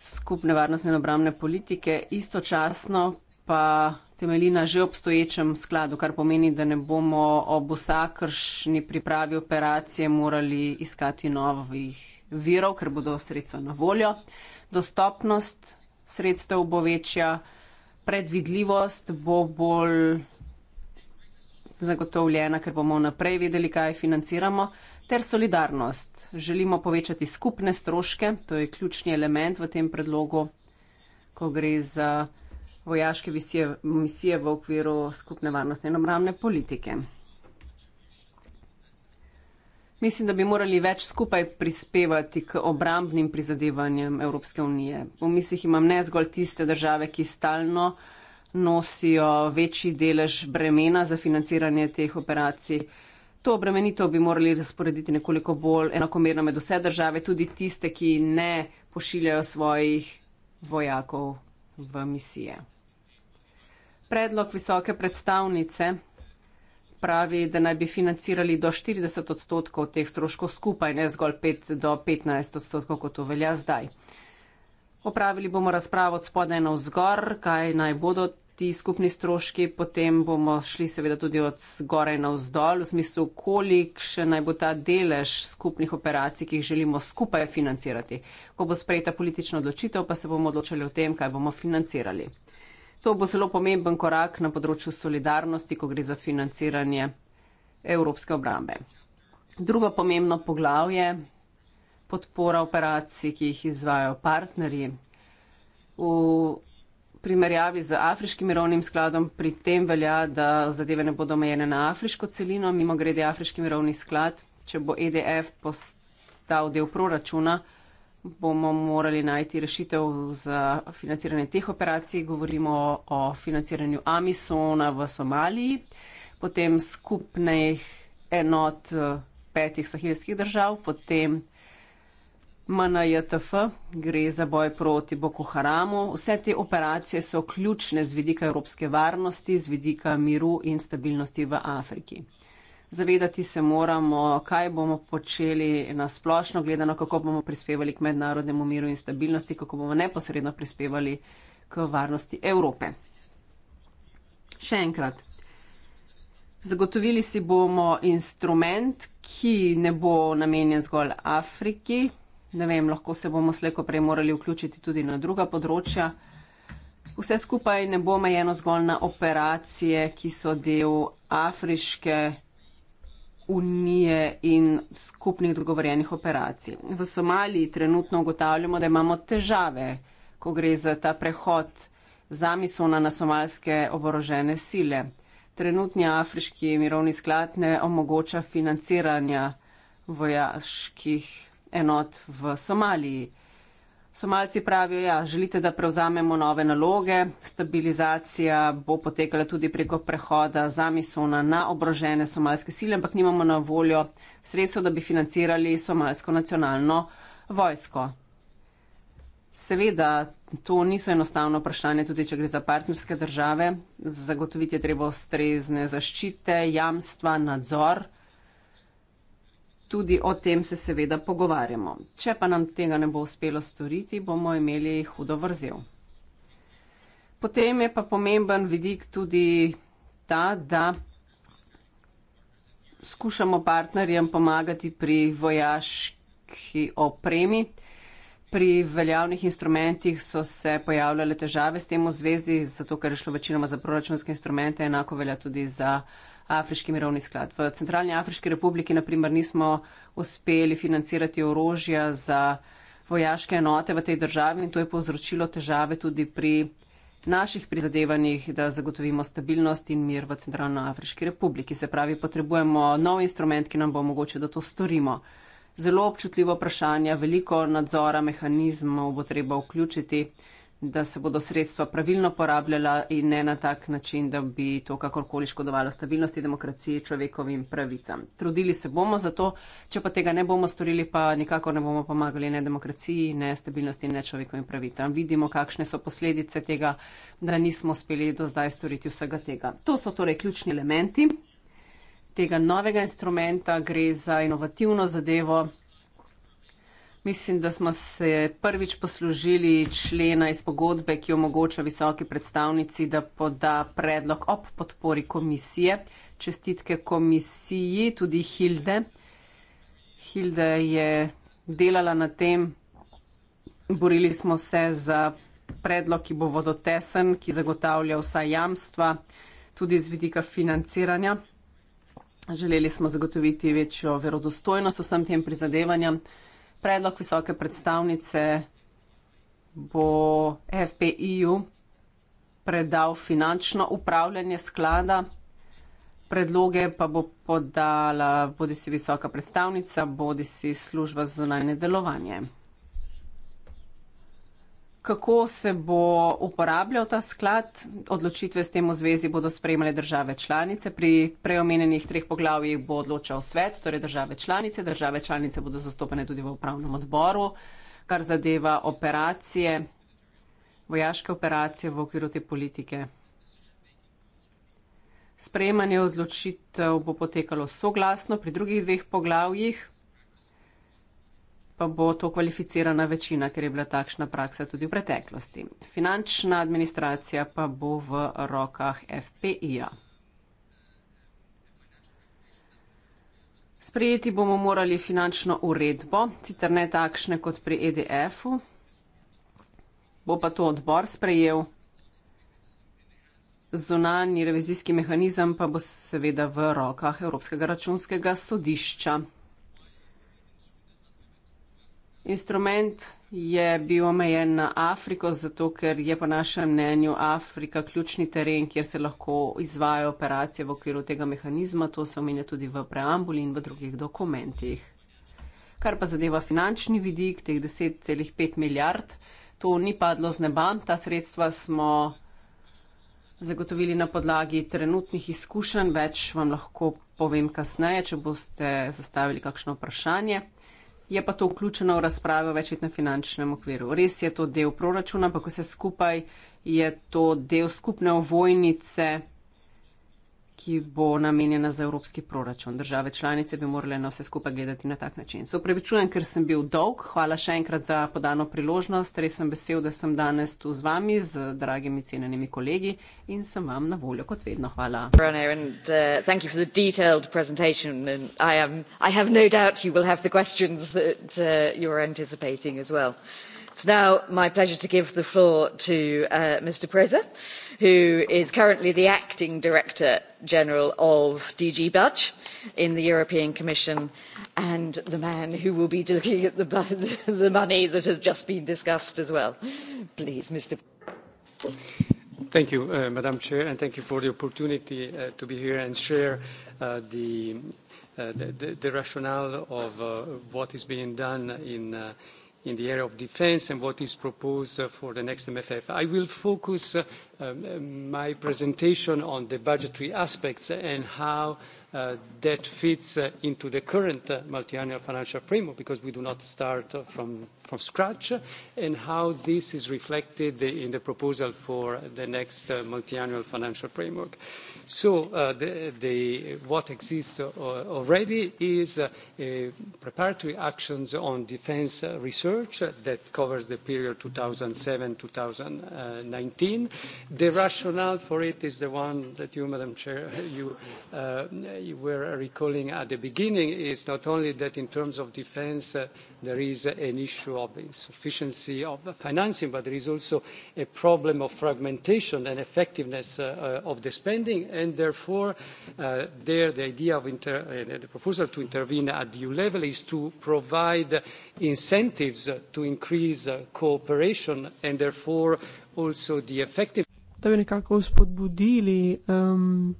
skupne varnostne in obramne politike, istočasno pa temelji na že obstoječem skladu, kar pomeni, da ne bomo ob vsakršni pripravi operacije morali iskati novih virov, ker bodo sredstva na voljo. Dostopnost sredstev bo večja, predvidljivost bo bolj zagotovljena, ker bomo naprej vedeli, kaj financiramo, ter solidarnost. Želimo povečati skupne stroške, to je ključni element v tem predlogu, ko gre za vojaške visije, misije v okviru skupne varnostne in obramne politike. Mislim, da bi morali več skupaj prispevati k obrambnim prizadevanjem Evropske unije. V mislih imam ne zgolj tiste države, ki stalno nosijo večji delež bremena za financiranje teh operacij. To obremenitev bi morali razporediti nekoliko bolj enakomerno med vse države, tudi tiste, ki ne pošiljajo svojih vojakov v misije. Predlog visoke predstavnice pravi, da naj bi financirali do 40 odstotkov teh stroškov skupaj, ne zgolj 5 do 15 odstotkov, kot to velja zdaj. Opravili bomo razpravo od spodaj na vzgor, kaj naj bodo ti skupni stroški, potem bomo šli seveda tudi od zgoraj na vzdolj, v smislu, kolik še naj bo ta delež skupnih operacij, ki jih želimo skupaj financirati. Ko bo sprejeta politična odločitev, pa se bomo odločili o tem, kaj bomo financirali. To bo zelo pomemben korak na področju solidarnosti, ko gre za financiranje evropske obrambe. Drugo pomembno poglavje je podpora operacij, ki jih izvajo partnerji. V primerjavi z Afriškim mirovnim skladom pri tem velja, da zadeve ne bodo omejene na afriško celino, mimo grede Afriški mirovni sklad, če bo EDF postal del proračuna bomo morali najti rešitev za financiranje teh operacij. Govorimo o financiranju Amisona v Somaliji, potem skupnih enot eh, petih sahelskih držav, potem MNJTF, gre za boj proti Boko Haramu. Vse te operacije so ključne z vidika evropske varnosti, z vidika miru in stabilnosti v Afriki. Zavedati se moramo, kaj bomo počeli na splošno gledano, kako bomo prispevali k mednarodnemu miru in stabilnosti, kako bomo neposredno prispevali k varnosti Evrope. Še enkrat. Zagotovili si bomo instrument, ki ne bo namenjen zgolj Afriki. Ne vem, lahko se bomo sleko prej morali vključiti tudi na druga področja. Vse skupaj ne bo omejeno zgolj na operacije, ki so del afriške unije in skupnih dogovorjenih operacij. V Somaliji trenutno ugotavljamo, da imamo težave, ko gre za ta prehod zamisona na somalske oborožene sile. Trenutni afriški mirovni sklad ne omogoča financiranja vojaških enot v Somaliji. Somalci pravijo, ja, želite, da prevzamemo nove naloge, stabilizacija bo potekala tudi preko prehoda za misona na obrožene somalske sile, ampak nimamo na voljo sredstvo, da bi financirali somalsko nacionalno vojsko. Seveda, to niso enostavno vprašanje, tudi če gre za partnerske države. Zagotoviti je treba ustrezne zaščite, jamstva, nadzor. Tudi o tem se seveda pogovarjamo. Če pa nam tega ne bo uspelo storiti, bomo imeli hudo vrzel. Potem je pa pomemben vidik tudi ta, da skušamo partnerjem pomagati pri vojaški opremi. Pri veljavnih instrumentih so se pojavljale težave s tem v zvezi, zato ker je šlo večinoma za proračunske instrumente, enako velja tudi za. Afriški mirovni sklad. V Centralni Afriški republiki naprimer nismo uspeli financirati orožja za vojaške enote v tej državi in to je povzročilo težave tudi pri naših prizadevanjih, da zagotovimo stabilnost in mir v Centralno Afriški republiki. Se pravi, potrebujemo nov instrument, ki nam bo omogočil, da to storimo. Zelo občutljivo vprašanje, veliko nadzora, mehanizmov bo treba vključiti da se bodo sredstva pravilno porabljala in ne na tak način, da bi to kakorkoli škodovalo stabilnosti, demokraciji, človekovim pravicam. Trudili se bomo za to, če pa tega ne bomo storili, pa nikakor ne bomo pomagali ne demokraciji, ne stabilnosti, ne človekovim pravicam. Vidimo, kakšne so posledice tega, da nismo uspeli do zdaj storiti vsega tega. To so torej ključni elementi tega novega instrumenta, gre za inovativno zadevo. Mislim, da smo se prvič poslužili člena iz pogodbe, ki omogoča visoki predstavnici, da poda predlog ob podpori komisije. Čestitke komisiji, tudi Hilde. Hilde je delala na tem, borili smo se za predlog, ki bo vodotesen, ki zagotavlja vsa jamstva, tudi z vidika financiranja. Želeli smo zagotoviti večjo verodostojnost vsem tem prizadevanjem predlog visoke predstavnice bo FPI-ju predal finančno upravljanje sklada, predloge pa bo podala bodi si visoka predstavnica, bodi si služba za zunanje delovanje kako se bo uporabljal ta sklad. Odločitve s tem v zvezi bodo spremljale države članice. Pri preomenjenih treh poglavjih bo odločal svet, torej države članice. Države članice bodo zastopene tudi v upravnem odboru, kar zadeva operacije, vojaške operacije v okviru te politike. Sprejemanje odločitev bo potekalo soglasno pri drugih dveh poglavjih pa bo to kvalificirana večina, ker je bila takšna praksa tudi v preteklosti. Finančna administracija pa bo v rokah FPI-ja. Sprejeti bomo morali finančno uredbo, sicer ne takšne kot pri EDF-u, bo pa to odbor sprejel, zunanji revizijski mehanizem pa bo seveda v rokah Evropskega računskega sodišča. Instrument je bil omejen na Afriko, zato ker je po našem mnenju Afrika ključni teren, kjer se lahko izvajo operacije v okviru tega mehanizma. To se omenja tudi v preambuli in v drugih dokumentih. Kar pa zadeva finančni vidik, teh 10,5 milijard, to ni padlo z neba. Ta sredstva smo zagotovili na podlagi trenutnih izkušenj, več vam lahko povem kasneje, če boste zastavili kakšno vprašanje. Je pa to vključeno v razprave o večletnem finančnem okviru. Res je to del proračuna, ampak vse skupaj je to del skupne ovojnice ki bo namenjena za evropski proračun. Države članice bi morale na vse skupaj gledati na tak način. Se upravičujem, ker sem bil dolg. Hvala še enkrat za podano priložnost. Res sem vesel, da sem danes tu z vami, z dragimi cenjenimi kolegi in sem vam na voljo kot vedno. Hvala. Brunner, and, uh, It's now my pleasure to give the floor to uh, Mr. Preza, who is currently the acting director general of DG Budge in the European Commission and the man who will be looking at the, the money that has just been discussed as well. Please, Mr. Thank you, uh, Madam Chair, and thank you for the opportunity uh, to be here and share uh, the. Uh, the, the, the rationale of uh, what is being done in uh in the area of defense and what is proposed uh, for the next MFF. I will focus uh, um, um, my presentation on the budgetary aspects and how Uh, that fits uh, into the current uh, multi-annual financial framework because we do not start from scratch, and how this is reflected in the proposal for the next multi-annual financial framework. What exists already is preparatory actions on defense research that covers the period 2007-2019. The rationale for it is the one that you, Madam Chair, were recalling at the beginning is not only that in terms of defense, uh, there is an issue of insufficiency of financing, but there is also a problem of fragmentation and effectiveness uh, uh, of the spending. Therefore, there, the idea of the proposal to intervene at the EU level is to provide incentives to increase cooperation and therefore also the effective- Da bi nekako spodbudili um,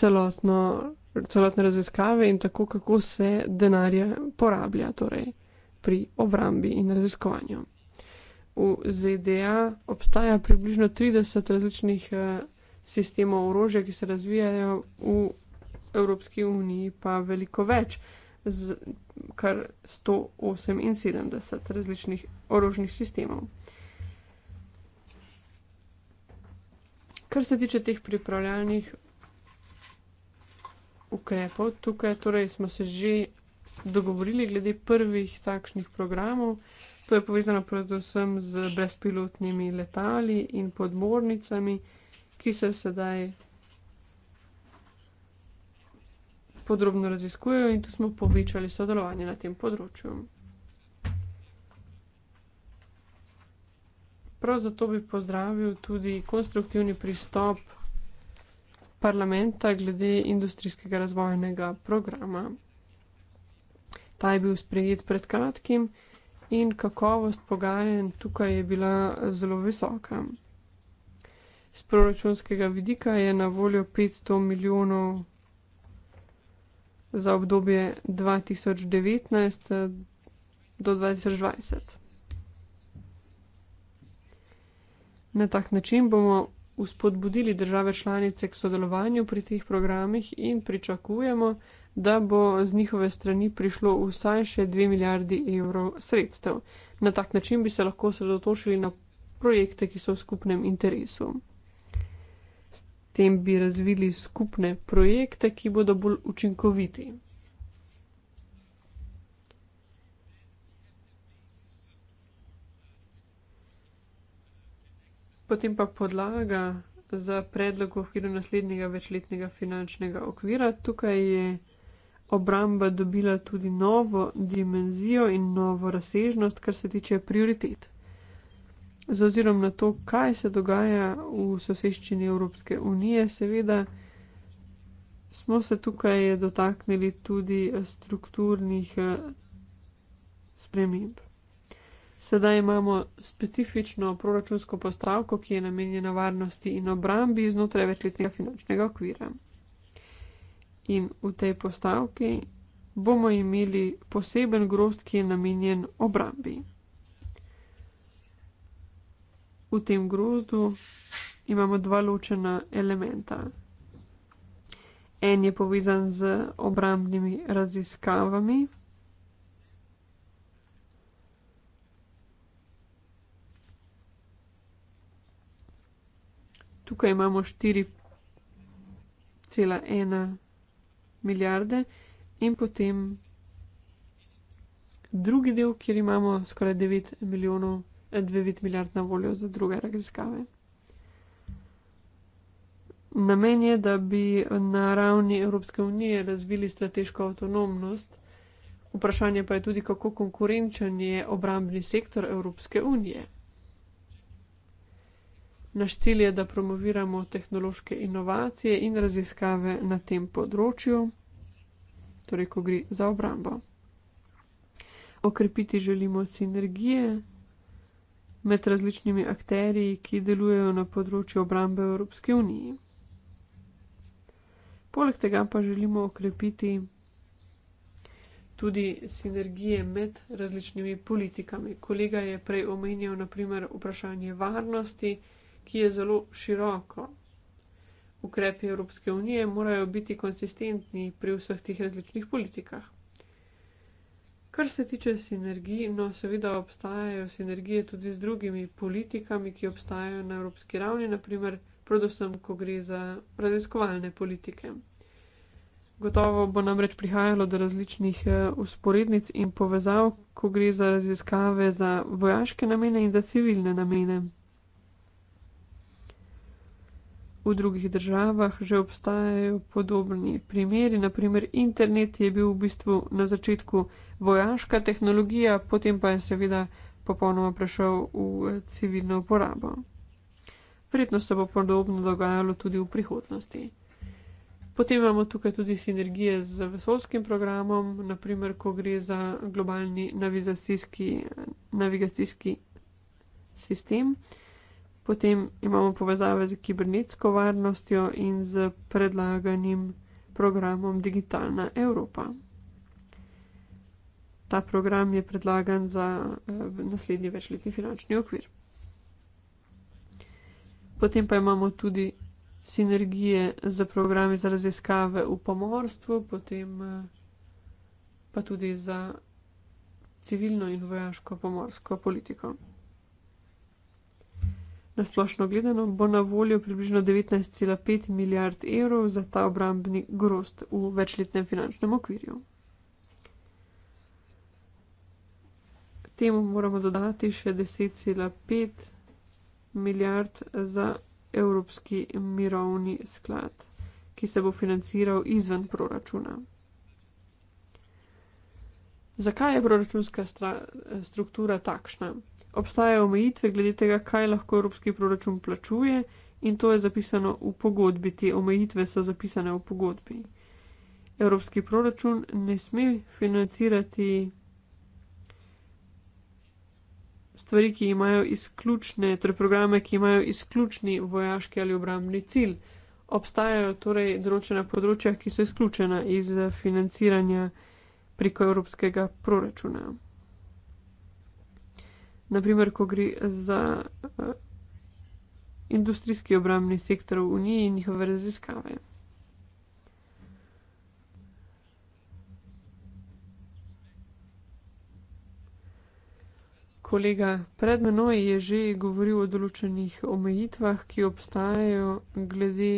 celotno, celotne raziskave in tako, kako se denarje porablja torej, pri obrambi in raziskovanju. V ZDA obstaja približno 30 različnih eh, sistemov orožja, ki se razvijajo v Evropski uniji, pa veliko več, z kar 178 različnih orožnih sistemov. Kar se tiče teh pripravljalnih ukrepov. Tukaj torej, smo se že dogovorili glede prvih takšnih programov. To je povezano predvsem z brezpilotnimi letali in podmornicami, ki se sedaj podrobno raziskujejo in tu smo povečali sodelovanje na tem področju. Prav zato bi pozdravil tudi konstruktivni pristop parlamenta glede industrijskega razvojnega programa. Ta je bil sprejet pred kratkim in kakovost pogajen tukaj je bila zelo visoka. Z proračunskega vidika je na voljo 500 milijonov za obdobje 2019 eh, do 2020. Na tak način bomo vzpodbudili države članice k sodelovanju pri teh programih in pričakujemo, da bo z njihove strani prišlo vsaj še 2 milijardi evrov sredstev. Na tak način bi se lahko sredotočili na projekte, ki so v skupnem interesu. S tem bi razvili skupne projekte, ki bodo bolj učinkoviti. potem pa podlaga za predlog v okviru naslednjega večletnega finančnega okvira. Tukaj je obramba dobila tudi novo dimenzijo in novo razsežnost, kar se tiče prioritet. Z ozirom na to, kaj se dogaja v soseščini Evropske unije, seveda smo se tukaj dotaknili tudi strukturnih eh, sprememb. Sedaj imamo specifično proračunsko postavko, ki je namenjena varnosti in obrambi znotraj večletnega finančnega okvira. In v tej postavki bomo imeli poseben grost, ki je namenjen obrambi. V tem grozdu imamo dva ločena elementa. En je povezan z obrambnimi raziskavami, tukaj imamo 4,1 milijarde in potem drugi del, kjer imamo skoraj 9 milijonov, 9 eh, milijard na voljo za druge raziskave. Namen je, da bi na ravni Evropske unije razvili strateško avtonomnost. Vprašanje pa je tudi, kako konkurenčen je obrambni sektor Evropske unije. Naš cilj je, da promoviramo tehnološke inovacije in raziskave na tem področju, torej ko gre za obrambo. Okrepiti želimo sinergije med različnimi akteri, ki delujejo na področju obrambe Evropske unije. Poleg tega pa želimo okrepiti tudi sinergije med različnimi politikami. Kolega je prej omenjal naprimer vprašanje varnosti ki je zelo široko. Ukrepi Evropske unije morajo biti konsistentni pri vseh tih različnih politikah. Kar se tiče sinergij, no seveda obstajajo sinergije tudi z drugimi politikami, ki obstajajo na evropski ravni, naprimer, predvsem, ko gre za raziskovalne politike. Gotovo bo namreč prihajalo do različnih usporednic eh, in povezav, ko gre za raziskave za vojaške namene in za civilne namene. V drugih državah že obstajajo podobni primeri, naprimer internet je bil v bistvu na začetku vojaška tehnologija, potem pa je seveda popolnoma prešel v civilno uporabo. Verjetno se bo podobno dogajalo tudi v prihodnosti. Potem imamo tukaj tudi sinergije z vesolskim programom, naprimer, ko gre za globalni navigacijski, navigacijski sistem. Potem imamo povezave z kibernetsko varnostjo in z predlaganim programom Digitalna Evropa. Ta program je predlagan za eh, naslednji večletni finančni okvir. Potem pa imamo tudi sinergije za programe za raziskave v pomorstvu, potem eh, pa tudi za civilno in vojaško pomorsko politiko. Nasplošno gledano bo na voljo približno 19,5 milijard evrov za ta obrambni grost v večletnem finančnem okvirju. Temu moramo dodati še 10,5 milijard za Evropski mirovni sklad, ki se bo financiral izven proračuna. Zakaj je proračunska stra struktura takšna? obstajajo omejitve glede tega, kaj lahko evropski proračun plačuje in to je zapisano v pogodbi. Te omejitve so zapisane v pogodbi. Evropski proračun ne sme financirati stvari, ki imajo izključne, torej programe, ki imajo izključni vojaški ali obramni cilj. Obstajajo torej določena področja, ki so izključena iz financiranja preko evropskega proračuna naprimer, ko gre za uh, industrijski obramni sektor v Uniji in njihove raziskave. Kolega pred menoj je že govoril o določenih omejitvah, ki obstajajo glede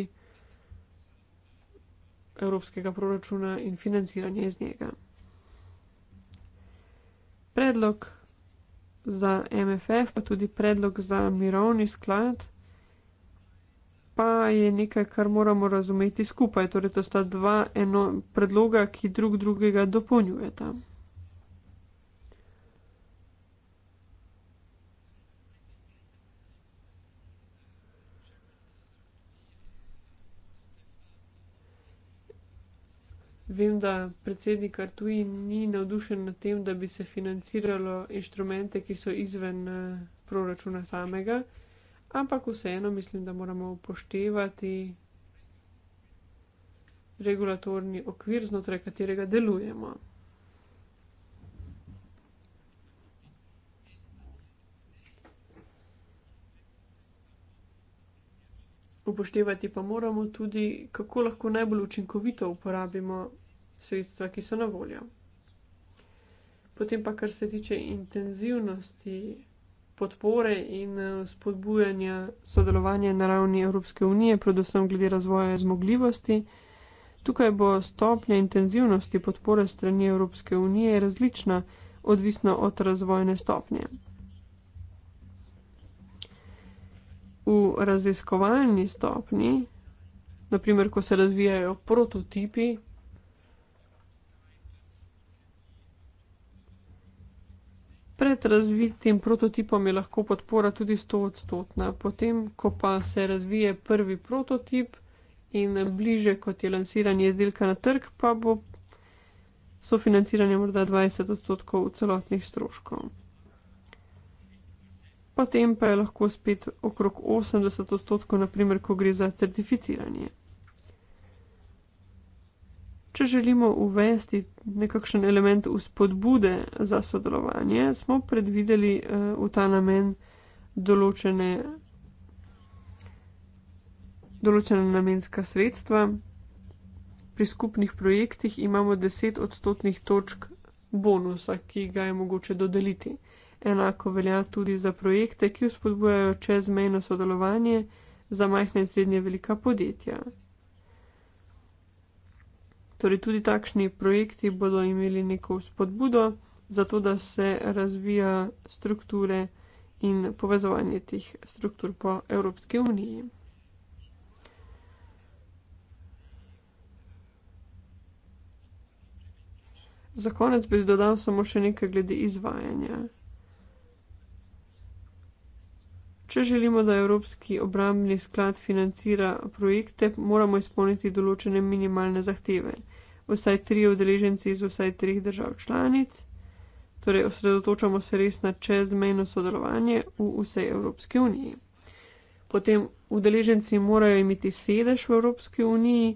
evropskega proračuna in financiranja iz njega. Predlog za MFF, pa tudi predlog za mirovni sklad, pa je nekaj, kar moramo razumeti skupaj. Torej, to sta dva eno predloga, ki drug drugega dopolnjujeta. Vem, da predsednik Artuji ni navdušen nad tem, da bi se financiralo inštrumente, ki so izven eh, proračuna samega, ampak vseeno mislim, da moramo upoštevati regulatorni okvir, znotraj katerega delujemo. Upoštevati pa moramo tudi, kako lahko najbolj učinkovito uporabimo sredstva, ki so na voljo. Potem pa, kar se tiče intenzivnosti podpore in eh, spodbujanja sodelovanja na ravni Evropske unije, predvsem glede razvoja zmogljivosti, tukaj bo stopnja intenzivnosti podpore strani Evropske unije različna, odvisno od razvojne stopnje. V raziskovalni stopnji, naprimer, ko se razvijajo prototipi, pred razvitim prototipom je lahko podpora tudi 100-odstotna, potem, ko pa se razvije prvi prototip in bliže kot je lansiranje izdelka na trg, pa bo sofinanciranje morda 20 odstotkov celotnih stroškov. Potem pa je lahko spet okrog 80 odstotkov, naprimer, ko gre za certificiranje. Če želimo uvesti nekakšen element vzpodbude za sodelovanje, smo predvideli uh, v ta namen določene, določene namenska sredstva. Pri skupnih projektih imamo 10 odstotnih točk bonusa, ki ga je mogoče dodeliti. Enako velja tudi za projekte, ki vzpodbujajo čezmejno sodelovanje za majhne in srednje velika podjetja. Torej tudi takšni projekti bodo imeli neko spodbudo za to, da se razvija strukture in povezovanje teh struktur po Evropski uniji. Za konec bi dodal samo še nekaj glede izvajanja. Če želimo, da Evropski obrambni sklad financira projekte, moramo izpolniti določene minimalne zahteve vsaj tri udeleženci iz vsaj treh držav članic. Torej, osredotočamo se res na čezmejno sodelovanje v vsej Evropski uniji. Potem udeleženci morajo imeti sedež v Evropski uniji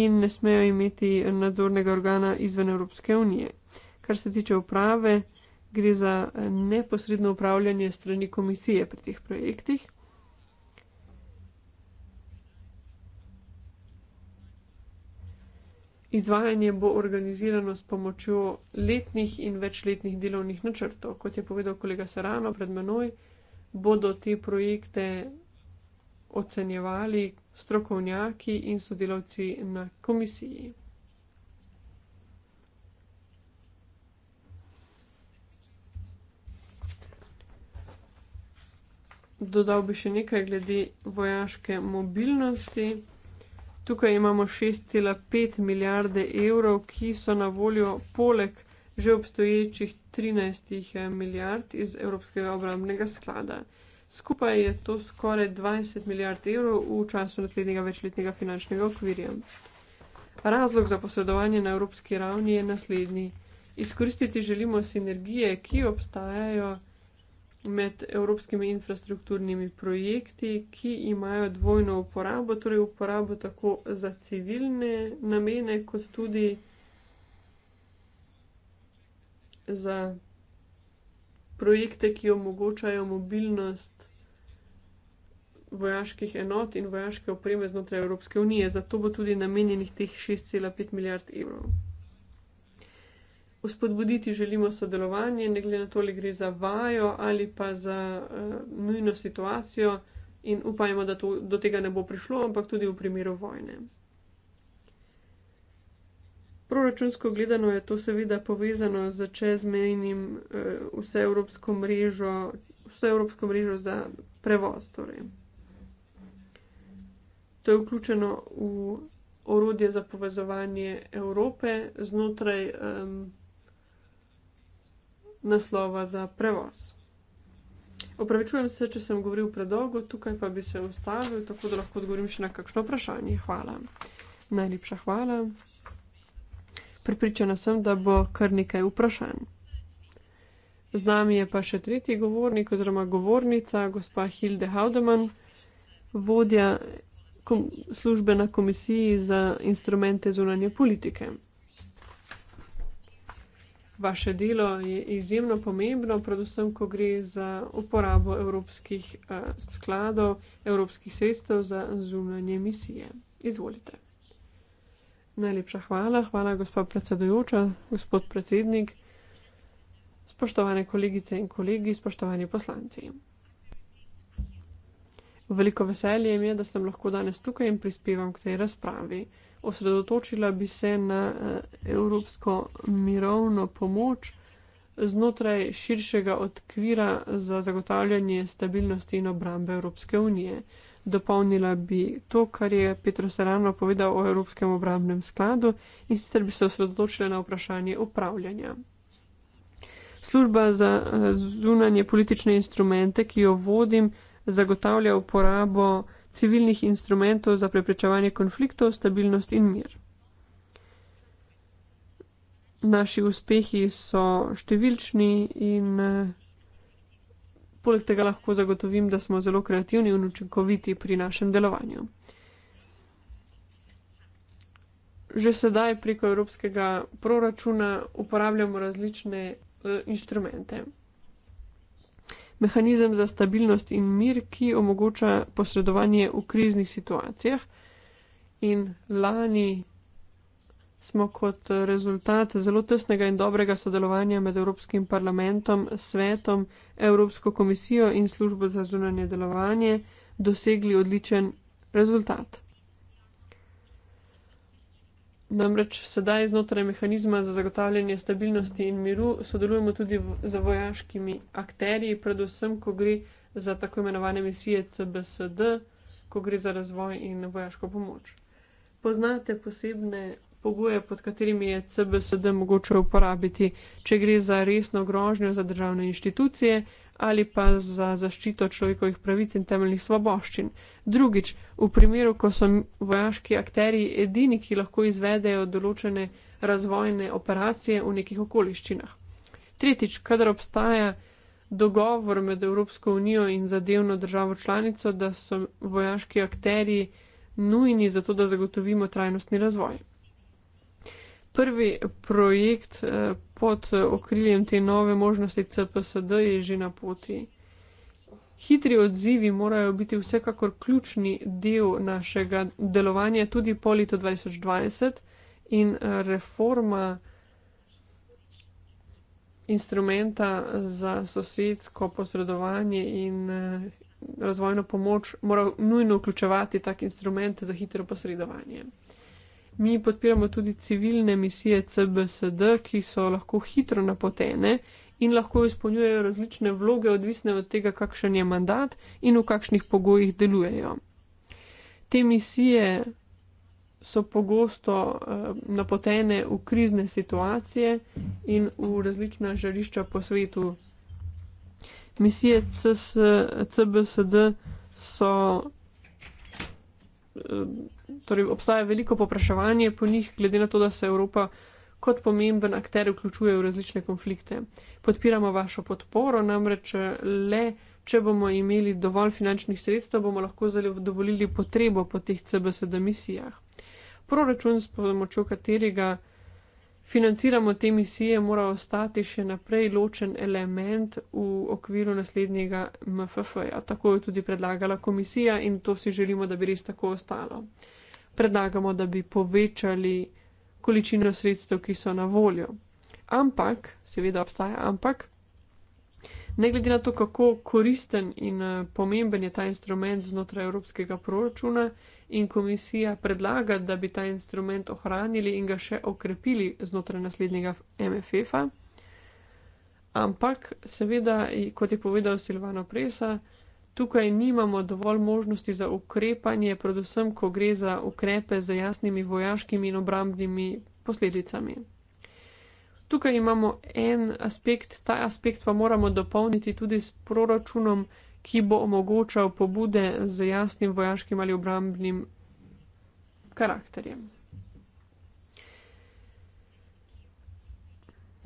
in ne smejo imeti nadzornega organa izven Evropske unije. Kar se tiče uprave, gre za neposredno upravljanje strani komisije pri teh projektih. Izvajanje bo organizirano s pomočjo letnih in večletnih delovnih načrtov. Kot je povedal kolega Serrano pred menoj, bodo te projekte ocenjevali strokovnjaki in sodelavci na komisiji. Dodal bi še nekaj glede vojaške mobilnosti. Tukaj imamo 6,5 milijarde evrov, ki so na voljo poleg že obstoječih 13 eh, milijard iz Evropskega obrambnega sklada. Skupaj je to skoraj 20 milijard evrov v času naslednjega večletnega finančnega okvirja. Razlog za posredovanje na evropski ravni je naslednji. Izkoristiti želimo sinergije, ki obstajajo med evropskimi infrastrukturnimi projekti, ki imajo dvojno uporabo, torej uporabo tako za civilne namene, kot tudi za projekte, ki omogočajo mobilnost vojaških enot in vojaške opreme znotraj Evropske unije. Zato bo tudi namenjenih teh 6,5 milijard evrov. Vzpodbuditi želimo sodelovanje, ne glede na to, ali gre za vajo ali pa za uh, nujno situacijo, in upajmo, da to, do tega ne bo prišlo, ampak tudi v primeru vojne. Proračunsko gledano je to seveda povezano z čezmejnim uh, eh, vseevropsko mrežo, vseevropsko mrežo za prevoz. Torej. To je vključeno v orodje za povezovanje Evrope znotraj. Um, naslova za prevoz. Opravičujem se, če sem govoril predolgo, tukaj pa bi se ustavil, tako da lahko odgovorim še na kakšno vprašanje. Hvala. Najlepša hvala. Pripričana sem, da bo kar nekaj vprašanj. Z nami je pa še tretji govornik oziroma govornica, gospa Hilde Haudeman, vodja kom službe na Komisiji za instrumente zunanje politike. Vaše delo je izjemno pomembno, predvsem, ko gre za uporabo evropskih uh, skladov, evropskih sredstev za zunanje misije. Izvolite. Najlepša hvala, hvala gospod predsedujoča, gospod predsednik, spoštovane kolegice in kolegi, spoštovani poslanci. Veliko veselje mi je, da sem lahko danes tukaj in prispevam k tej razpravi osredotočila bi se na eh, evropsko mirovno pomoč znotraj širšega odkvira za zagotavljanje stabilnosti in obrambe Evropske unije. Dopolnila bi to, kar je Petro Serano povedal o Evropskem obrambnem skladu in sicer bi se osredotočila na vprašanje upravljanja. Služba za eh, zunanje politične instrumente, ki jo vodim, zagotavlja uporabo civilnih instrumentov za preprečevanje konfliktov, stabilnost in mir. Naši uspehi so številčni in eh, poleg tega lahko zagotovim, da smo zelo kreativni in učinkoviti pri našem delovanju. Že sedaj preko evropskega proračuna uporabljamo različne uh, inštrumente mehanizem za stabilnost in mir, ki omogoča posredovanje v kriznih situacijah. In lani smo kot rezultat zelo tesnega in dobrega sodelovanja med Evropskim parlamentom, svetom, Evropsko komisijo in službo za zunanje delovanje dosegli odličen rezultat. Namreč sedaj znotraj mehanizma za zagotavljanje stabilnosti in miru sodelujemo tudi z vojaškimi akterji, predvsem, ko gre za tako imenovane misije CBSD, ko gre za razvoj in vojaško pomoč. Poznate posebne pogoje, pod katerimi je CBSD mogoče uporabiti, če gre za resno grožnjo za državne inštitucije, ali pa za zaščito človekovih pravic in temeljnih svoboščin. Drugič, v primeru, ko so vojaški akteri edini, ki lahko izvedejo določene razvojne operacije v nekih okoliščinah. Tretjič, kadar obstaja dogovor med Evropsko unijo in zadevno državo članico, da so vojaški akteri nujni za to, da zagotovimo trajnostni razvoj prvi projekt eh, pod eh, okriljem te nove možnosti CPSD je že na poti. Hitri odzivi morajo biti vsekakor ključni del našega delovanja tudi po letu 2020 in eh, reforma instrumenta za sosedsko posredovanje in razvojno pomoč mora nujno vključevati tak instrument za hitro posredovanje. Mi podpiramo tudi civilne misije CBSD, ki so lahko hitro napotene in lahko izpolnjujejo različne vloge, odvisne od tega, kakšen je mandat in v kakšnih pogojih delujejo. Te misije so pogosto uh, napotene v krizne situacije in v različna žarišča po svetu. Misije CS, CBSD so Eh, torej obstaja veliko popraševanje po njih, glede na to, da se Evropa kot pomemben akter vključuje v različne konflikte. Podpiramo vašo podporo, namreč le, če bomo imeli dovolj finančnih sredstev, bomo lahko zadovoljili potrebo po teh CBSD misijah. Proračun, s pomočjo katerega financiramo te misije, mora ostati še naprej ločen element v okviru naslednjega MFF-ja. Tako je tudi predlagala komisija in to si želimo, da bi res tako ostalo. Predlagamo, da bi povečali količino sredstev, ki so na voljo. Ampak, seveda obstaja, ampak. Ne glede na to, kako koristen in eh, pomemben je ta instrument znotraj evropskega proračuna, in komisija predlaga, da bi ta instrument ohranili in ga še okrepili znotraj naslednjega MFF-a. Ampak, seveda, kot je povedal Silvano Presa, tukaj nimamo dovolj možnosti za ukrepanje, predvsem, ko gre za ukrepe z jasnimi vojaškimi in obrambnimi posledicami. Tukaj imamo en aspekt, ta aspekt pa moramo dopolniti tudi s proračunom, ki bo omogočal pobude z jasnim vojaškim ali obrambnim karakterjem.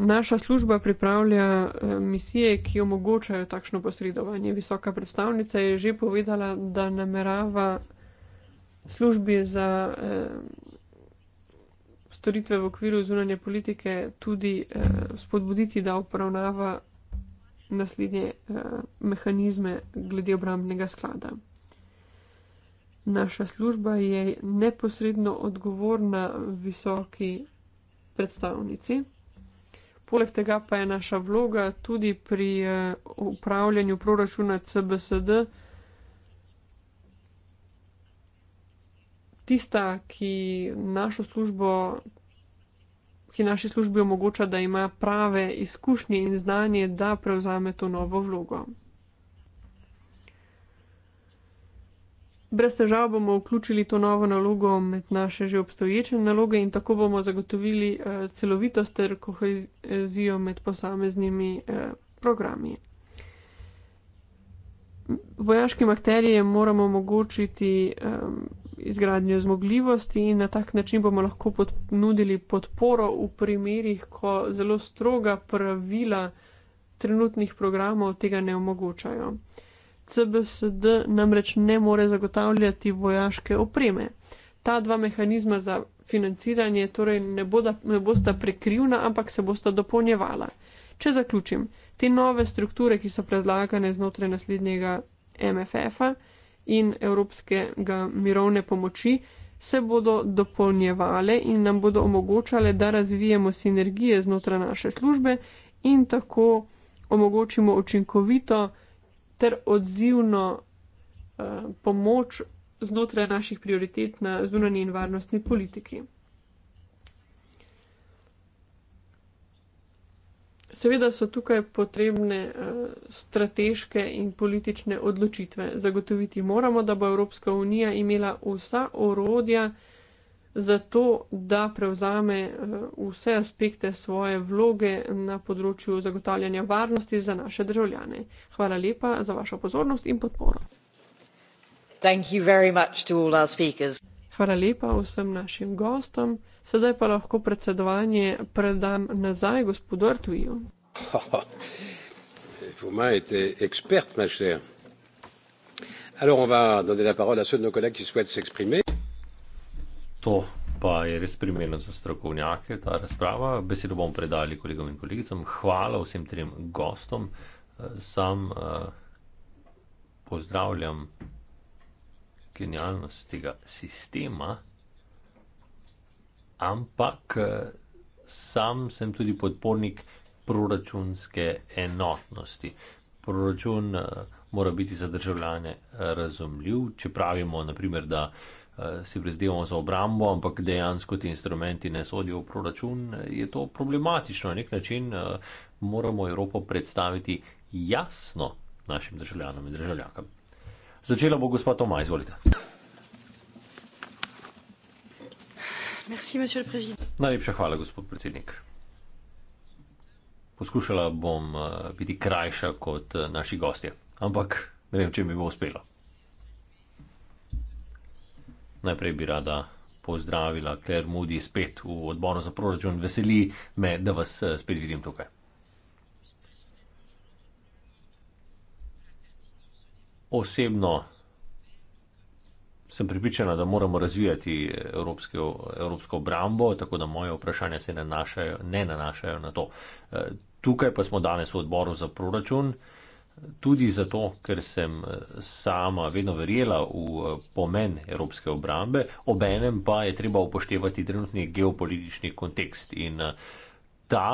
Naša služba pripravlja eh, misije, ki omogočajo takšno posredovanje. Visoka predstavnica je že povedala, da namerava službi za eh, storitve v okviru zunanje politike tudi eh, spodbuditi, da obravnava naslednje eh, mehanizme glede obrambnega sklada. Naša služba je neposredno odgovorna visoki predstavnici. Poleg tega pa je naša vloga tudi pri eh, upravljanju proračuna CBSD tista, ki našo službo ki naši službi omogoča, da ima prave izkušnje in znanje, da prevzame to novo vlogo. Brez težav bomo vključili to novo nalogo med naše že obstoječe naloge in tako bomo zagotovili eh, celovitost ter kohezijo med posameznimi eh, programi. Vojaškim akterjem moramo omogočiti um, izgradnjo zmogljivosti in na tak način bomo lahko pod, nudili podporo v primerih, ko zelo stroga pravila trenutnih programov tega ne omogočajo. CBSD namreč ne more zagotavljati vojaške opreme. Ta dva mehanizma za financiranje torej ne, boda, ne bosta prekrivna, ampak se bosta dopolnjevala. Če zaključim, te nove strukture, ki so predlagane znotraj naslednjega MFF-a, in evropskega mirovne pomoči, se bodo dopolnjevale in nam bodo omogočale, da razvijemo sinergije znotraj naše službe in tako omogočimo učinkovito ter odzivno eh, pomoč znotraj naših prioritet na zunanji in varnostni politiki. Seveda so tukaj potrebne uh, strateške in politične odločitve. Zagotoviti moramo, da bo Evropska unija imela vsa orodja za to, da prevzame uh, vse aspekte svoje vloge na področju zagotavljanja varnosti za naše državljane. Hvala lepa za vašo pozornost in podporo. Hvala lepa vsem našim gostom. Sedaj pa lahko predsedovanje predam nazaj gospodu Artuju. Fumajte, ekspert, mašer. Alors on va donner la parole à ceux de nos collègues qui souhaitent s'exprimer. To pa je res primerno za strokovnjake, ta razprava. Besedo bom predali kolegom in kolegicam. Hvala vsem trem gostom. Sam uh, pozdravljam genialnost tega sistema ampak eh, sam sem tudi podpornik proračunske enotnosti. Proračun eh, mora biti za državljane eh, razumljiv, če pravimo, naprimer, da si prizadevamo za obrambo, ampak dejansko ti instrumenti ne sodijo v proračun, je to problematično. Na nek način moramo Evropo predstaviti jasno našim državljanom in državljankam. Začela bo gospod Toma, izvolite. Najlepša hvala, gospod predsednik. Poskušala bom eh, biti krajša kot eh, naši gostje, ampak ne vem, če mi bo uspelo. Najprej bi rada pozdravila Kler Moody spet v odboru za proračun. Veseli me, da vas eh, spet vidim tukaj. Osebno sem pripričana, da moramo razvijati evropski, evropsko obrambo, tako da moje vprašanje se nanašajo, ne nanašajo na to. Eh, tukaj pa smo danes v odboru za proračun, tudi zato, ker sem eh, sama vedno verjela v eh, pomen evropske obrambe, obenem pa je treba upoštevati trenutni geopolitični kontekst in ta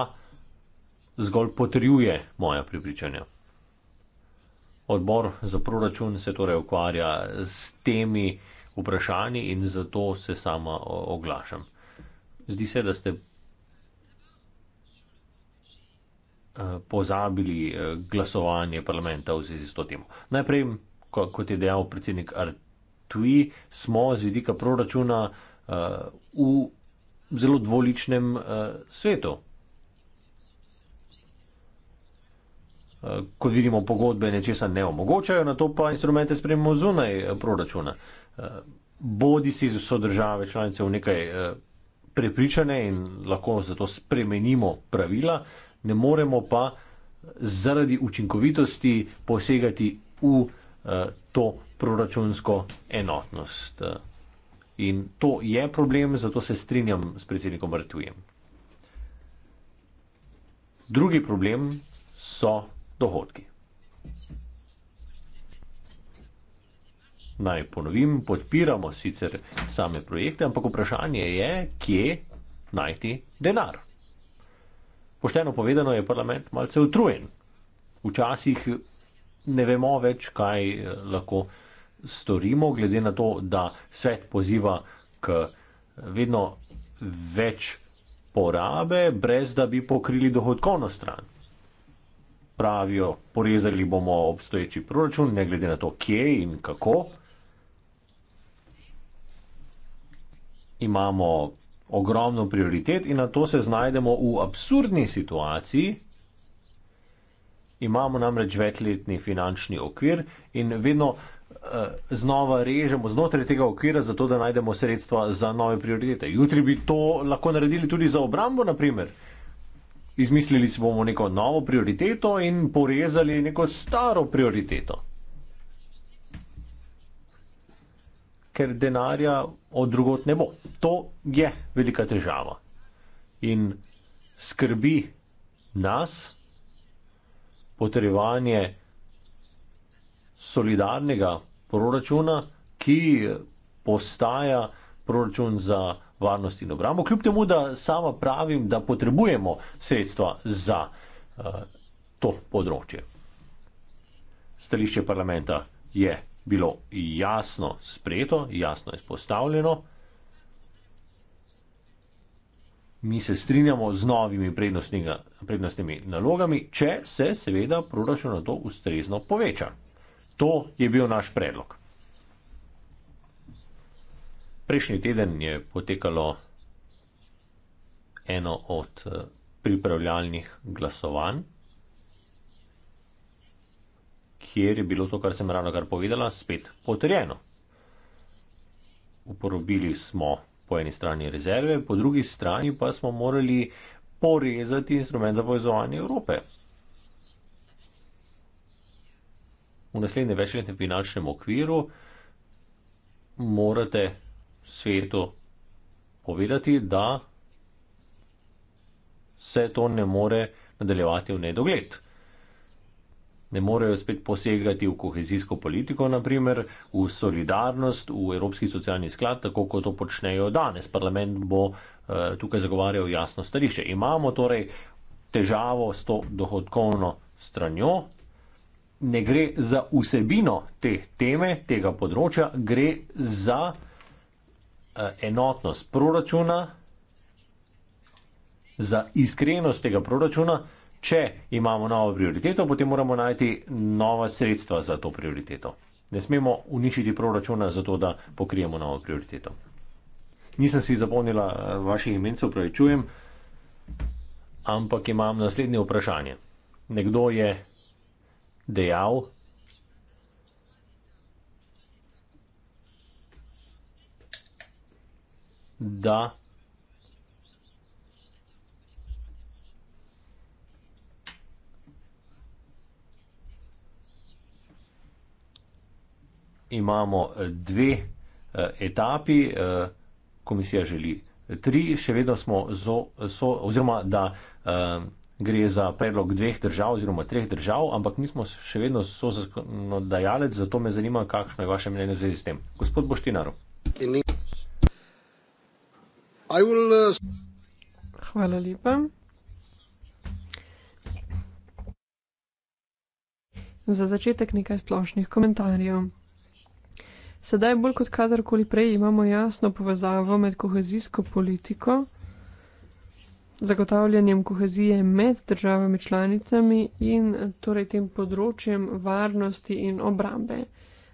zgolj potrjuje moja pripričanja. Odbor za proračun se torej ukvarja s temi vprašanji in zato se sama oglašam. Zdi se, da ste eh, pozabili eh, glasovanje parlamenta v zvezi s to temo. Najprej, kot je dejal predsednik Artui, smo z vidika proračuna eh, v zelo dvoličnem svetu. ko vidimo pogodbe, nečesa ne omogočajo, na to pa instrumente sprejmemo zunaj eh, proračuna. Eh, bodi si so države članice v nekaj eh, prepričane in lahko zato spremenimo pravila, ne moremo pa zaradi učinkovitosti posegati v to proračunsko enotnost. In to je problem, zato se strinjam s predsednikom Bratujem. Drugi problem so dohodki. Naj ponovim, podpiramo sicer same projekte, ampak vprašanje je, kje najti denar. Pošteno povedano je parlament malce utrujen. Včasih ne vemo več, kaj eh, lahko storimo, glede na to, da svet poziva k eh, vedno več porabe, brez da bi pokrili dohodkovno stran pravijo, porezali bomo obstoječi proračun, ne glede na to, kje in kako. Imamo ogromno prioritet in na to se znajdemo v absurdni situaciji. Imamo namreč večletni finančni okvir in vedno uh, znova režemo znotraj tega okvira, zato da najdemo sredstva za nove prioritete. Jutri bi to lahko naredili tudi za obrambo, naprimer izmislili si bomo neko novo prioriteto in porezali neko staro prioriteto. Ker denarja od drugot ne bo. To je velika težava. In skrbi nas potrebovanje solidarnega proračuna, ki postaja proračun za varnost in obrambo, kljub temu, da sama pravim, da potrebujemo sredstva za uh, to področje. Stališče parlamenta je bilo jasno sprejeto, jasno izpostavljeno. Mi se strinjamo z novimi prednostnimi nalogami, če se seveda proračun na to ustrezno poveča. To je bil naš predlog. Prejšnji teden je potekalo eno od eh, pripravljalnih glasovanj, kjer je bilo to, kar sem ravno kar povedala, spet potrjeno. Uporobili smo po eni strani rezerve, po drugi strani pa smo morali porezati instrument za povezovanje Evrope. V naslednjem večletnem finančnem okviru morate svetu povedati, da se to ne more nadaljevati v nedogled. Ne morejo spet posegati v kohezijsko politiko, naprimer v solidarnost, v Evropski socialni sklad, tako kot to počnejo danes. Parlament bo uh, tukaj zagovarjal jasno stališče. Imamo torej težavo s to dohodkovno stranjo. Ne gre za vsebino te teme, tega področja, gre za. Eh, enotnost proračuna, za iskrenost tega proračuna. Če imamo novo prioriteto, potem moramo najti nova sredstva za to prioriteto. Ne smemo uničiti proračuna za to, da pokrijemo novo prioriteto. Nisem si zapomnila eh, vaših imen, se upravičujem, ampak imam naslednje vprašanje. Nekdo je dejal, da imamo eh, dve eh, etapi, eh, komisija želi tri, še vedno smo zo, so, oziroma da gre za predlog dveh držav oziroma treh držav, ampak mi smo še vedno so zakonodajalec, zato me zanima, kakšno je vaše mnenje v zvezi s tem. Gospod Boštinaro. Will, uh... Hvala lepa. Za začetek nekaj splošnih komentarjev. Sedaj bolj kot kadarkoli prej imamo jasno povezavo med kohezijsko politiko, zagotavljanjem kohezije med državami članicami in torej tem področjem varnosti in obrambe.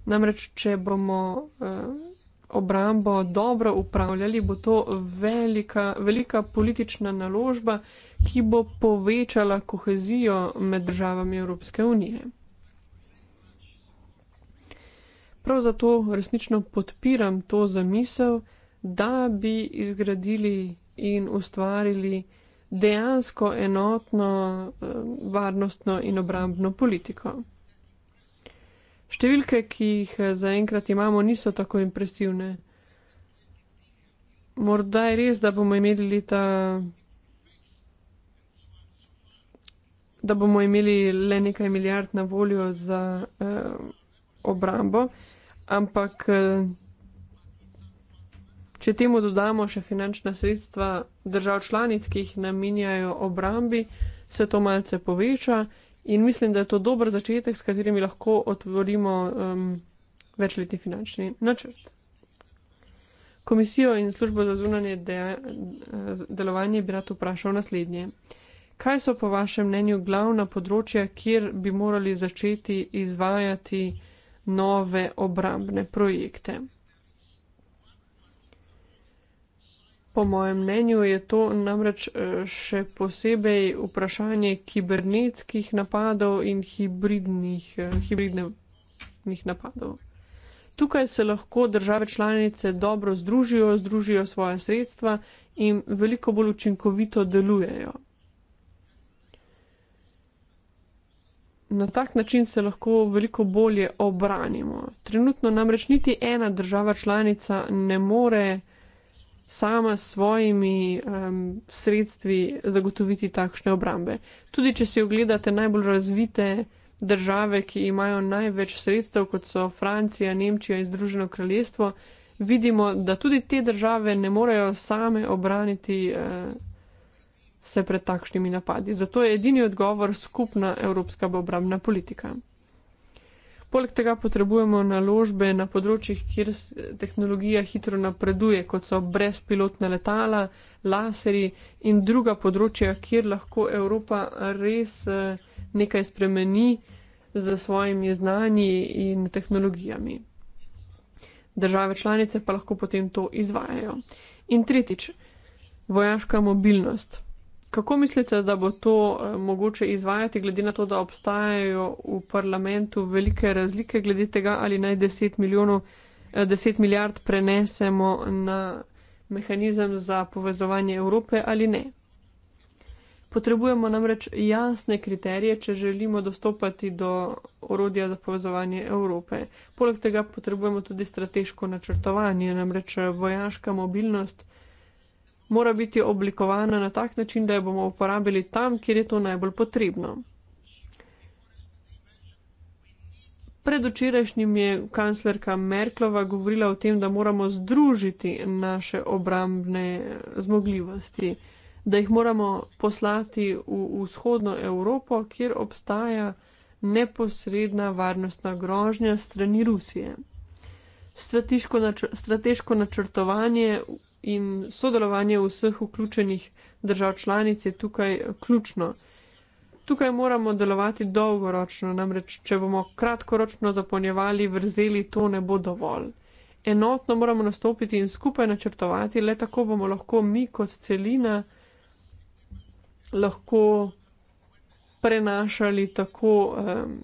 Namreč, če bomo. Uh, obrambo dobro upravljali, bo to velika, velika politična naložba, ki bo povečala kohezijo med državami Evropske unije. Prav zato resnično podpiram to zamisel, da bi izgradili in ustvarili dejansko enotno eh, varnostno in obrambno politiko. Številke, ki jih eh, zaenkrat imamo, niso tako impresivne. Morda je res, da bomo imeli leta. Da bomo imeli le nekaj milijard na voljo za eh, obrambo, ampak eh, če temu dodamo še finančna sredstva držav članic, ki jih namenjajo obrambi, se to malce poveča. In mislim, da je to dober začetek, s katerim lahko otvorimo um, večletni finančni načrt. Komisijo in službo za zunanje de delovanje bi rad vprašal naslednje. Kaj so po vašem mnenju glavna področja, kjer bi morali začeti izvajati nove obrambne projekte? Po mojem mnenju je to namreč eh, še posebej vprašanje kibernetskih napadov in hibridnih, eh, hibridnih napadov. Tukaj se lahko države članice dobro združijo, združijo svoje sredstva in veliko bolj učinkovito delujejo. Na tak način se lahko veliko bolje obranimo. Trenutno namreč niti ena država članica ne more sama s svojimi um, sredstvi zagotoviti takšne obrambe. Tudi če si ogledate najbolj razvite države, ki imajo največ sredstev, kot so Francija, Nemčija in Združeno kraljestvo, vidimo, da tudi te države ne morejo same obraniti uh, se pred takšnimi napadi. Zato je edini odgovor skupna evropska obrambna politika. Poleg tega potrebujemo naložbe na področjih, kjer tehnologija hitro napreduje, kot so brezpilotna letala, laserji in druga področja, kjer lahko Evropa res eh, nekaj spremeni z svojimi znanji in tehnologijami. Države članice pa lahko potem to izvajajo. In tretjič, vojaška mobilnost. Kako mislite, da bo to eh, mogoče izvajati, glede na to, da obstajajo v parlamentu velike razlike glede tega, ali naj 10, 10 eh, milijard prenesemo na mehanizem za povezovanje Evrope ali ne? Potrebujemo namreč jasne kriterije, če želimo dostopati do orodja za povezovanje Evrope. Poleg tega potrebujemo tudi strateško načrtovanje, namreč eh, vojaška mobilnost mora biti oblikovana na tak način, da jo bomo uporabili tam, kjer je to najbolj potrebno. Predvčerajšnjim je kanclerka Merklova govorila o tem, da moramo združiti naše obrambne zmogljivosti, da jih moramo poslati v vzhodno Evropo, kjer obstaja neposredna varnostna grožnja strani Rusije. Strateško, načr strateško načrtovanje in sodelovanje vseh vključenih držav članic je tukaj ključno. Tukaj moramo delovati dolgoročno, namreč, če bomo kratkoročno zapolnjevali vrzeli, to ne bo dovolj. Enotno moramo nastopiti in skupaj načrtovati, le tako bomo lahko mi kot celina lahko prenašali tako. Um,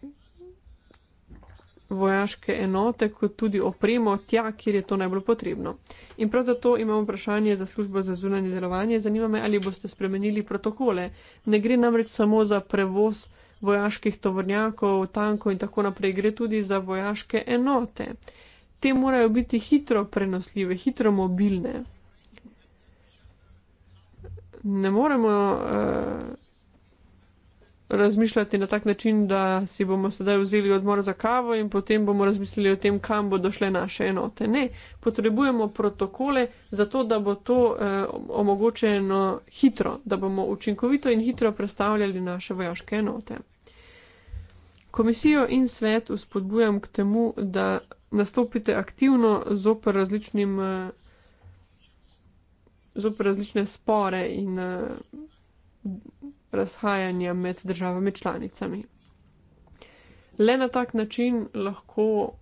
vojaške enote, kot tudi opremo tja, kjer je to najbolj potrebno. In prav zato imam vprašanje za službo za zunanje delovanje. Zanima me, ali boste spremenili protokole. Ne gre namreč samo za prevoz vojaških tovornjakov, tankov in tako naprej, gre tudi za vojaške enote. Te morajo biti hitro prenosljive, hitro mobilne. Ne moremo. Uh, razmišljati na tak način, da si bomo sedaj vzeli odmor za kavo in potem bomo razmislili o tem, kam bodo šle naše enote. Ne, potrebujemo protokole za to, da bo to eh, omogočeno hitro, da bomo učinkovito in hitro predstavljali naše vojaške enote. Komisijo in svet uspodbujam k temu, da nastopite aktivno zoper različnim. Eh, Zopr različne spore in eh, razhajanja med državami članicami. Le na tak način lahko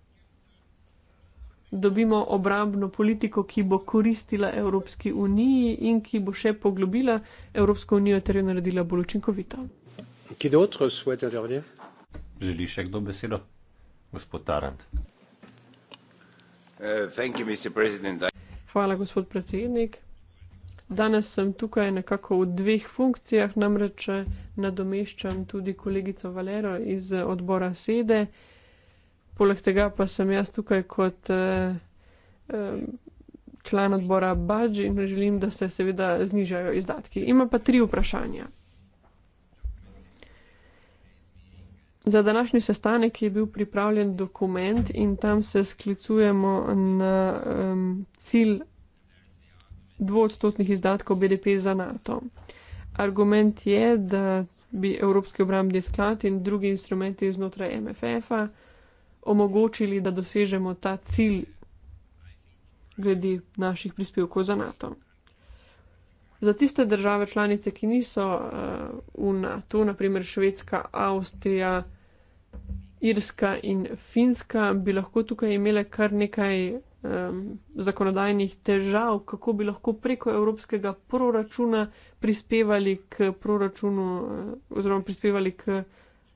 dobimo obrambno politiko, ki bo koristila Evropski uniji in ki bo še poglobila Evropsko unijo ter jo naredila bolj učinkovito. Želi še kdo besedo? Gospod Tarant. Uh, Hvala, gospod predsednik. Danes sem tukaj nekako v dveh funkcijah, namreč eh, nadomeščam tudi kolegico Valero iz eh, odbora Sede. Poleg tega pa sem jaz tukaj kot eh, eh član odbora Bač in želim, da se seveda znižajo izdatki. Ima pa tri vprašanja. Za današnji sestanek je bil pripravljen dokument in tam se sklicujemo na um, cilj dvodstotnih izdatkov BDP za NATO. Argument je, da bi Evropski obrambni sklad in drugi instrumenti znotraj MFF-a omogočili, da dosežemo ta cilj glede naših prispevkov za NATO. Za tiste države članice, ki niso uh, v NATO, naprimer Švedska, Avstrija, Irska in Finska, bi lahko tukaj imele kar nekaj um, zakonodajnih težav, kako bi lahko preko evropskega proračuna prispevali k proračunu eh, oziroma prispevali k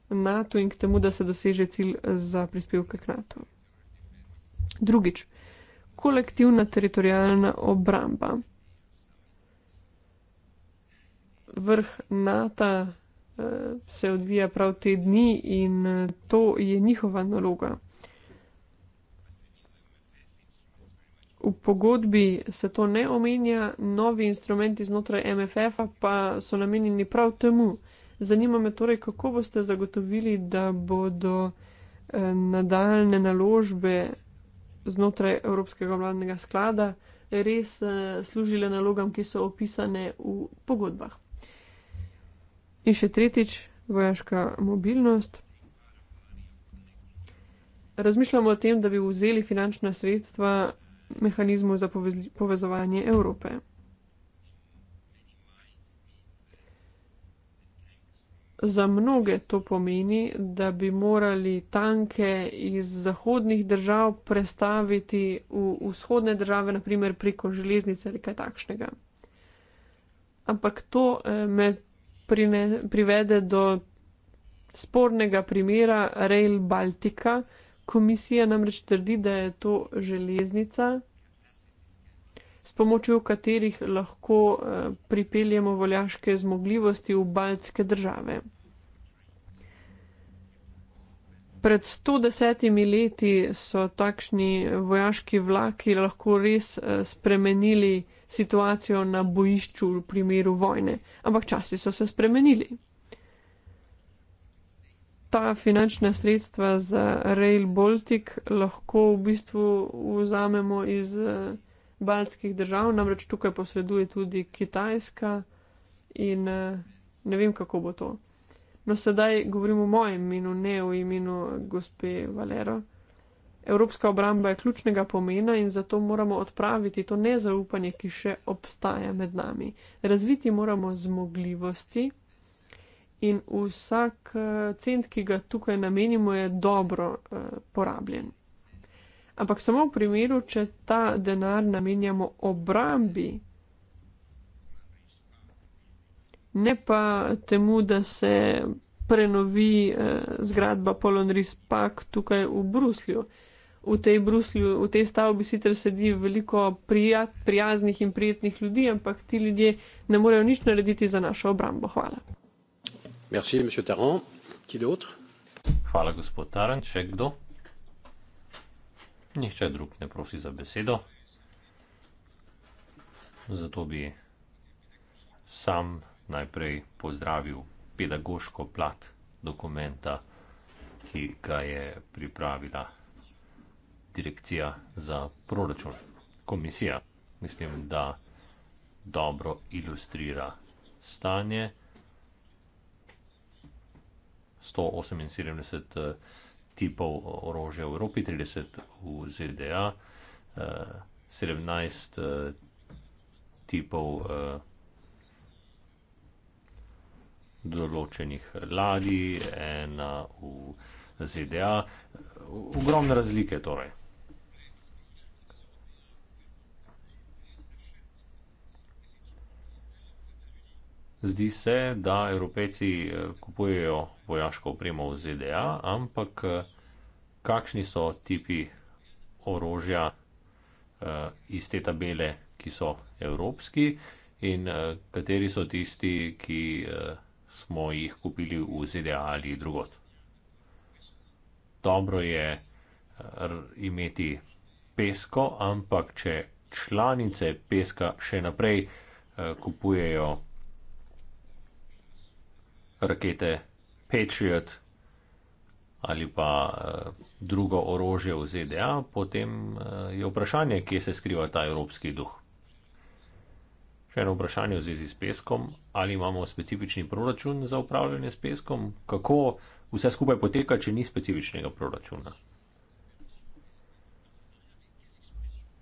NATO in k temu, da se doseže cilj za prispevke k NATO. Drugič, kolektivna teritorijalna obramba. Vrh NATO eh, se odvija prav te dni in eh, to je njihova naloga. V pogodbi se to ne omenja, novi instrumenti znotraj MFF-a pa so namenjeni prav temu. Zanima me torej, kako boste zagotovili, da bodo eh, nadaljne naložbe znotraj Evropskega vladnega sklada res eh, služile nalogam, ki so opisane v pogodbah. In še tretjič, vojaška mobilnost. Razmišljamo o tem, da bi vzeli finančna sredstva mehanizmu za povezovanje Evrope. Za mnoge to pomeni, da bi morali tanke iz zahodnih držav prestaviti v vzhodne države, naprimer preko železnice ali kaj takšnega. Ampak to eh, me prive, privede do spornega primera Rail Baltica. Komisija namreč trdi, da je to železnica, s pomočjo katerih lahko eh, pripeljemo voljaške zmogljivosti v baltske države. Pred 110 leti so takšni vojaški vlaki lahko res eh, spremenili situacijo na bojišču v primeru vojne, ampak časi so se spremenili ta finančna sredstva za Rail Baltic lahko v bistvu vzamemo iz eh, baltskih držav, namreč tukaj posreduje tudi Kitajska in eh, ne vem, kako bo to. No, sedaj govorim o mojem imenu, ne o imenu gospe Valero. Evropska obramba je ključnega pomena in zato moramo odpraviti to nezaupanje, ki še obstaja med nami. Razviti moramo zmogljivosti in vsak eh, cent, ki ga tukaj namenimo, je dobro eh, porabljen. Ampak samo v primeru, če ta denar namenjamo obrambi, ne pa temu, da se prenovi eh, zgradba Polonris Park tukaj v Bruslju. V tej, Bruslju, v tej stavbi sicer sedi veliko prijat, prijaznih in prijetnih ljudi, ampak ti ljudje ne morejo nič narediti za našo obrambo. Hvala. Merci, monsieur Tarrant. Qui d'autre Hvala, gospod Tarrant. Še kdo? Nihče drug ne prosi za besedo. Zato bi sam najprej pozdravil pedagoško plat dokumenta, ki ga je pripravila direkcija za proračun. Komisija, mislim, da dobro ilustrira stanje. 178 eh, tipov orožja v Evropi, 30 v ZDA, 17 eh, eh, tipov določenih ladij, ena v ZDA. Ogromne razlike torej. Zdi se, da evropejci eh, kupujejo vojaško opremo v ZDA, ampak eh, kakšni so tipi orožja eh, iz te tabele, ki so evropski in kateri so tisti, ki smo jih kupili v ZDA ali drugot. Dobro je imeti pesko, ampak če članice peska še naprej kupujejo rakete Patriot ali pa uh, drugo orožje v ZDA, potem uh, je vprašanje, kje se skriva ta evropski duh. Še eno vprašanje v zvezi s peskom, ali imamo specifični proračun za upravljanje s peskom, kako vse skupaj poteka, če ni specifičnega proračuna.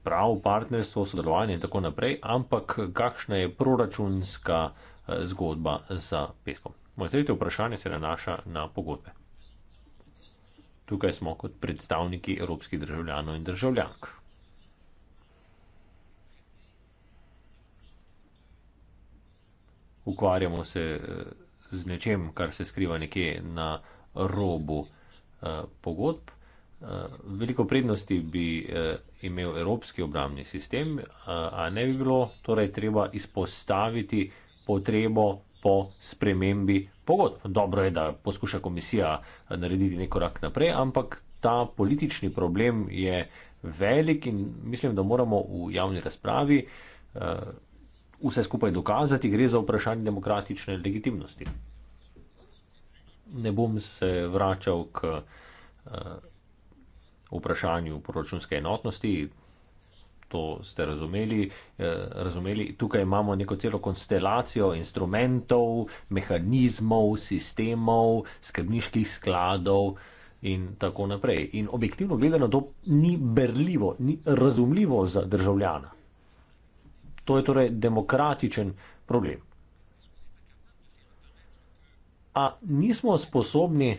Prav partnerstvo, sodelovanje in tako naprej, ampak kakšna je proračunska eh, zgodba za peskom? Moje tretje vprašanje se nanaša na pogodbe. Tukaj smo kot predstavniki evropskih državljanov in državljank. Ukvarjamo se eh, z nečem, kar se skriva nekje na robu eh, pogodb. Eh, veliko prednosti bi imel evropski obramni sistem, a ne bi bilo torej treba izpostaviti potrebo po spremembi pogodb. Dobro je, da poskuša komisija narediti nek korak naprej, ampak ta politični problem je velik in mislim, da moramo v javni razpravi eh, vse skupaj dokazati, gre za vprašanje demokratične legitimnosti. Ne bom se vračal k eh, vprašanju proračunske enotnosti, to ste razumeli, eh, razumeli. Tukaj imamo neko celo konstelacijo instrumentov, mehanizmov, sistemov, skrbniških skladov in tako naprej. In objektivno gledano to ni berljivo, ni razumljivo za državljana. To je torej demokratičen problem. A nismo sposobni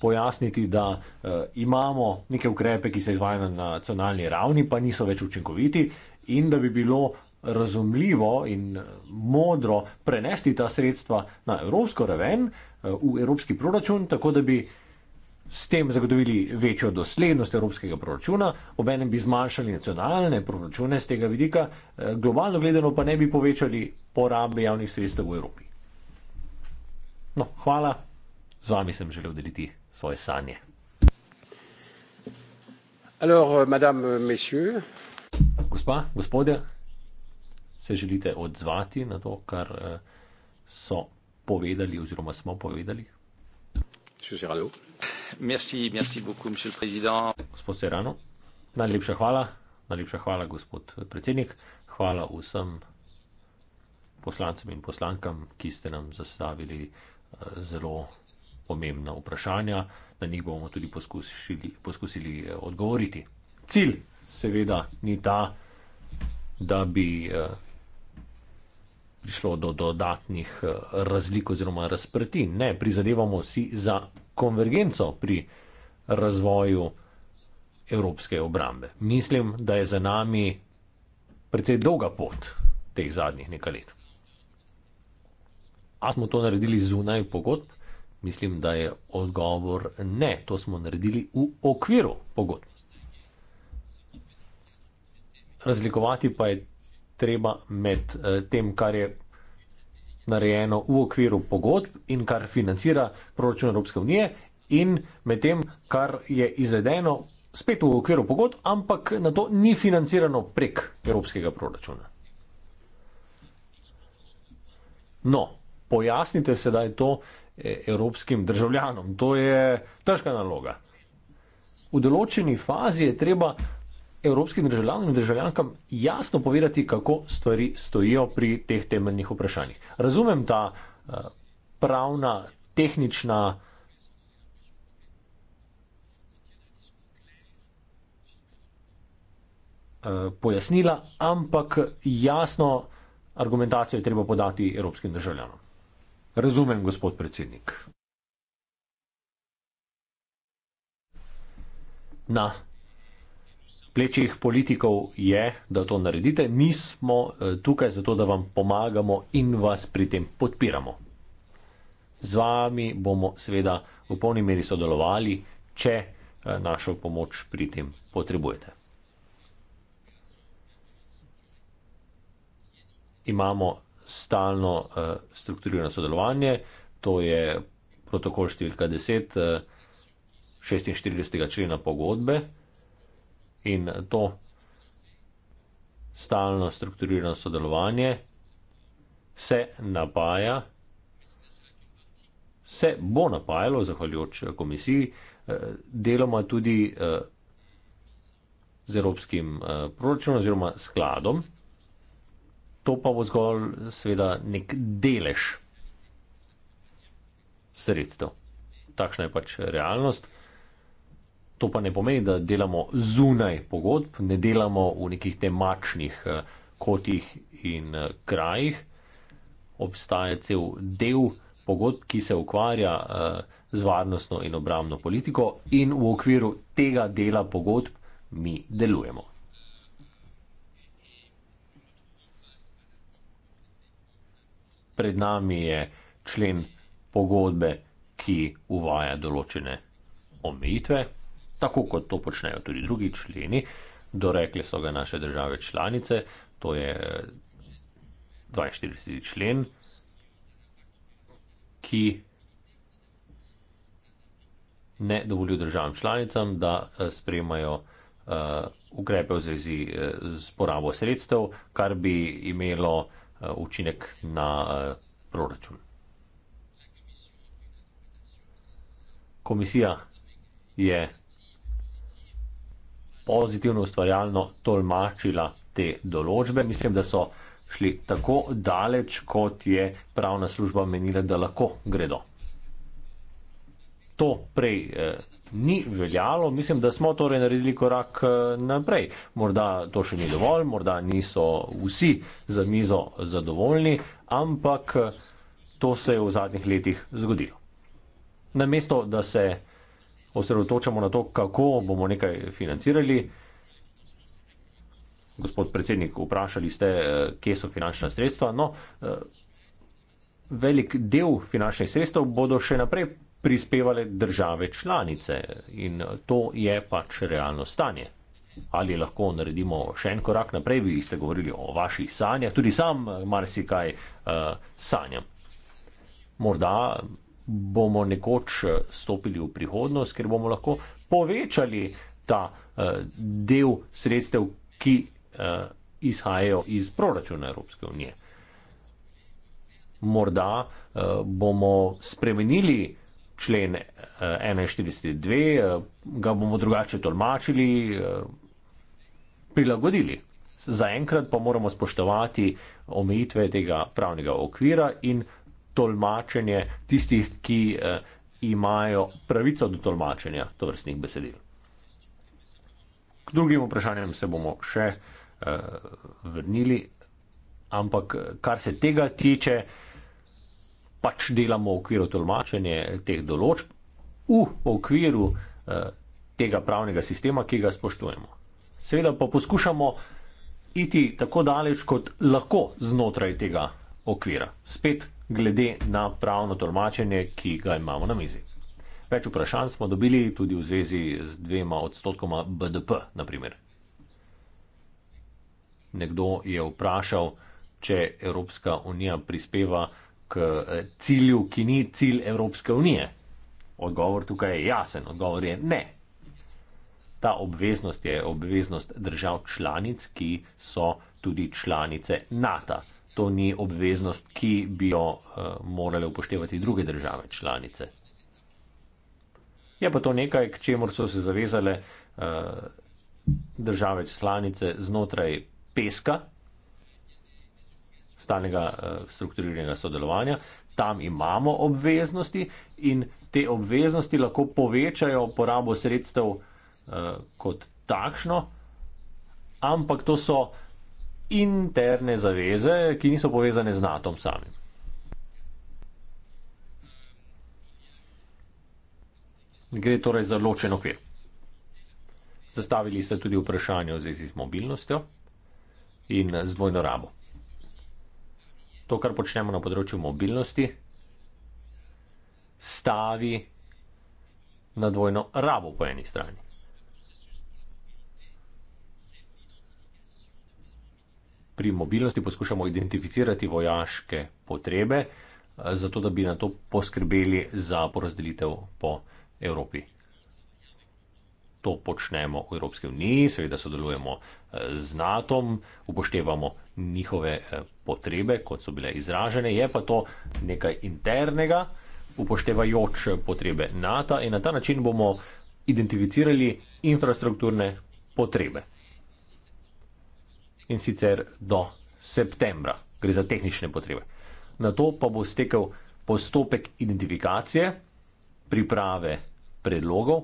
pojasniti, da uh, imamo neke ukrepe, ki se izvajo na nacionalni ravni, pa niso več učinkoviti in da bi bilo razumljivo in eh, modro prenesti ta sredstva na evropsko raven, uh, v evropski proračun, tako da bi s tem zagotovili večjo doslednost evropskega proračuna, obenem bi zmanjšali nacionalne proračune z tega vidika, uh, globalno gledano pa ne bi povečali porabe javnih sredstev v Evropi. No, hvala, z vami sem želel deliti svoje sanje. Alors, euh, madame, euh, monsieur. Gospa, gospodje, se želite odzvati na to, kar eh, so povedali oziroma smo povedali? Merci, merci beaucoup, monsieur le président. Gospod Serrano, najlepša hvala, najlepša hvala, gospod predsednik, hvala vsem poslancem in poslankam, ki ste nam zastavili eh, zelo pomembna vprašanja, na njih bomo tudi poskusili, poskusili eh, odgovoriti. Cilj seveda ni ta, da bi eh, prišlo do dodatnih eh, razlik oziroma razprti. Ne, prizadevamo si za konvergenco pri razvoju evropske obrambe. Mislim, da je za nami precej dolga pot teh zadnjih nekaj let. A smo to naredili zunaj pogodb? Mislim, da je odgovor ne, to smo naredili v okviru pogodb. Razlikovati pa je treba med eh, tem, kar je narejeno v okviru pogodb in kar financira proračun Evropske unije, in med tem, kar je izvedeno spet v okviru pogodb, ampak na to ni financirano prek evropskega proračuna. No, pojasnite sedaj to e, evropskim državljanom. To je težka naloga. V določeni fazi je treba evropskim državljanom in državljankam jasno povedati, kako stvari stojijo pri teh temeljnih vprašanjih. Razumem ta e, pravna, tehnična. E, pojasnila, ampak jasno argumentacijo je treba podati evropskim državljanom. Razumem, gospod predsednik. Na plečih politikov je, da to naredite. Mi smo eh, tukaj zato, da vam pomagamo in vas pri tem podpiramo. Z vami bomo seveda v polni meri sodelovali, če eh, našo pomoč pri tem potrebujete. Imamo stalno uh, strukturirano sodelovanje, to je protokol številka 10, uh, 46. člena pogodbe in to stalno strukturirano sodelovanje se napaja, se bo napajalo, zahvaljujoč eh, komisiji, uh, deloma tudi uh, z Evropskim uh, proračunom oziroma skladom to pa bo zgolj seveda nek delež sredstev. Takšna je pač realnost. To pa ne pomeni, da delamo zunaj pogodb, ne delamo v nekih temačnih eh, kotih in eh, krajih. Obstaja cel del pogodb, ki se ukvarja eh, z varnostno in obramno politiko in v okviru tega dela pogodb mi delujemo. pred nami je člen pogodbe, ki uvaja določene omejitve, tako kot to počnejo tudi drugi členi, dorekle so ga naše države članice, to je 42. člen, ki ne dovoli državam članicam, da eh, sprejmajo uh, eh, ukrepe v zvezi uh, eh, s porabo sredstev, kar bi imelo uh, Eh, učinek na eh, proračun. Komisija je pozitivno ustvarjalno tolmačila te določbe. Mislim, da so šli tako daleč, kot je pravna služba menila, da lahko gredo to prej eh, ni veljalo. Mislim, da smo torej naredili korak eh, naprej. Morda to še ni dovolj, morda niso vsi za mizo zadovoljni, ampak eh, to se je v zadnjih letih zgodilo. Namesto, da se osredotočamo na to, kako bomo nekaj financirali, gospod predsednik, vprašali ste, kje so finančna sredstva. No, velik del finančnih sredstev bodo še naprej prispevale države članice in to je pač realno stanje. Ali lahko naredimo še en korak naprej, vi ste govorili o vaših sanjah, tudi sam marsikaj uh, sanjam. Morda bomo nekoč stopili v prihodnost, ker bomo lahko povečali ta uh, del sredstev, ki uh, izhajajo iz proračuna Evropske unije. Morda uh, bomo spremenili uh, člen 41.2, eh, eh, ga bomo drugače tolmačili, eh, prilagodili. Zaenkrat pa moramo spoštovati omejitve tega pravnega okvira in tolmačenje tistih, ki imajo pravico do tolmačenja tovrstnih besedil. K drugim vprašanjem se bomo še vrnili, ampak kar se tega tiče, pač delamo v okviru tolmačenja teh določb v okviru eh, tega pravnega sistema, ki ga spoštujemo. Seveda pa poskušamo iti tako daleč, kot lahko znotraj tega okvira, spet glede na pravno tolmačenje, ki ga imamo na mizi. Več vprašanj smo dobili tudi v zvezi z dvema odstotkoma BDP, naprimer. Nekdo je vprašal, če Evropska unija prispeva k eh, cilju, ki ni cilj Evropske unije? Odgovor tukaj je jasen, odgovor je ne. Ta obveznost je obveznost držav članic, ki so tudi članice NATO. To ni obveznost, ki bi jo eh, morale upoštevati druge države članice. Je pa to nekaj, k čemur so se zavezale eh, države članice znotraj peska, stalnega eh, strukturiranega sodelovanja, tam imamo obveznosti in te obveznosti lahko povečajo porabo sredstev eh, kot takšno, ampak to so interne zaveze, ki niso povezane z NATO-om samim. Gre torej za ločen okvir. Zastavili ste tudi vprašanje v zvezi z mobilnostjo in z dvojno rabo to, kar počnemo na področju mobilnosti, stavi na dvojno rabo po eni strani. Pri mobilnosti poskušamo identificirati vojaške potrebe, eh, zato da bi na to poskrbeli za porazdelitev po Evropi. To počnemo v Evropski uniji, seveda sodelujemo eh, z NATO, upoštevamo njihove eh, potrebe, kot so bile izražene, je pa to nekaj internega, upoštevajoč potrebe NATO in na ta način bomo identificirali infrastrukturne potrebe. In sicer do septembra, gre za tehnične potrebe. Na to pa bo stekel postopek identifikacije, priprave predlogov,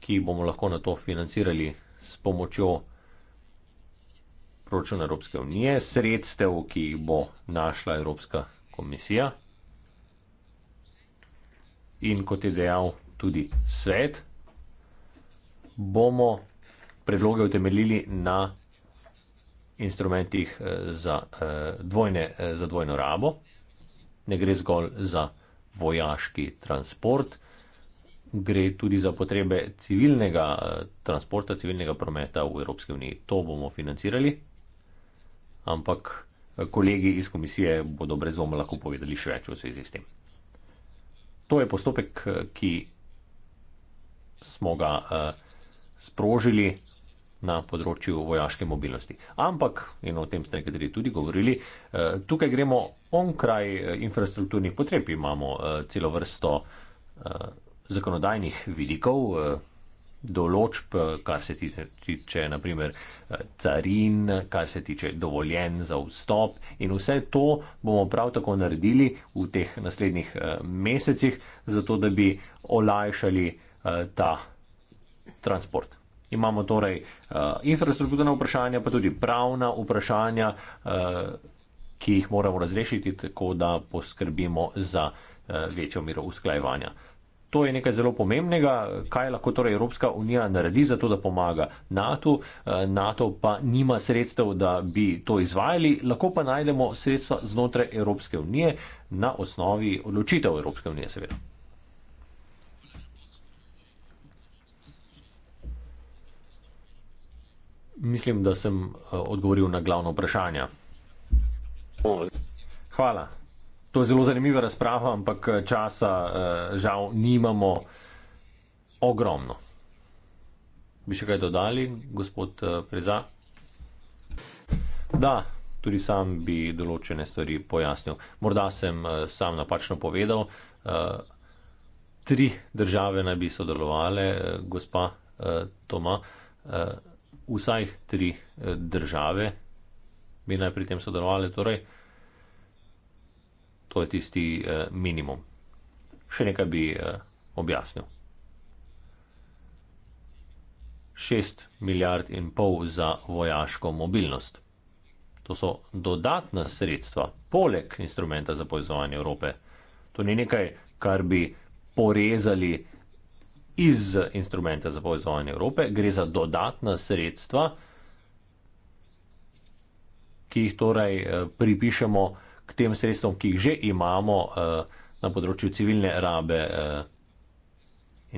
ki bomo lahko na to financirali s pomočjo proračun Evropske unije, sredstev, ki jih bo našla Evropska komisija in kot je dejal tudi svet, bomo predloge utemeljili na instrumentih eh, za, eh, dvojne, eh, za dvojno rabo. Ne gre zgolj za vojaški transport, gre tudi za potrebe civilnega transporta, civilnega prometa v Evropski uniji. To bomo financirali ampak eh, kolegi iz komisije bodo brez dvoma lahko povedali še več v zvezi s tem. To je postopek, eh, ki smo ga uh, sprožili na področju vojaške mobilnosti. Ampak, in o tem ste nekateri tudi govorili, uh, tukaj gremo onkraj infrastrukturnih potreb, imamo uh, celo vrsto uh, zakonodajnih vidikov. Uh, določb, eh, kar se tiče, tiče naprimer eh, carin, kar se tiče dovoljen za vstop in vse to bomo prav tako naredili v teh naslednjih eh, mesecih, zato da bi olajšali ta transport. Imamo torej infrastrukturna vprašanja, pa tudi pravna vprašanja, ki jih moramo razrešiti tako, da poskrbimo za večjo mero usklajevanja. To je nekaj zelo pomembnega, kaj lahko torej Evropska unija naredi za to, da pomaga NATO. Eh, NATO pa nima sredstev, da bi to izvajali, lahko pa najdemo sredstva znotraj Evropske unije na osnovi odločitev Evropske unije, seveda. Mislim, da sem eh, odgovoril na glavno vprašanje. Hvala. To je zelo zanimiva razprava, ampak eh, časa eh, žal nimamo ogromno. Bi še kaj dodali, gospod eh, Preza? Da, tudi sam bi določene stvari pojasnil. Morda sem sam napačno povedal. Tri države naj bi sodelovali, gospa Toma, vsaj tri države bi naj pri tem sodelovali. Torej, To je tisti eh, minimum. Še nekaj bi eh, objasnil. 6 milijard in pol za vojaško mobilnost. To so dodatna sredstva, poleg instrumenta za povezovanje Evrope. To ni nekaj, kar bi porezali iz instrumenta za povezovanje Evrope, gre za dodatna sredstva, ki jih torej eh, pripišemo k tem sredstvom, ki jih že imamo eh, na področju civilne rabe eh,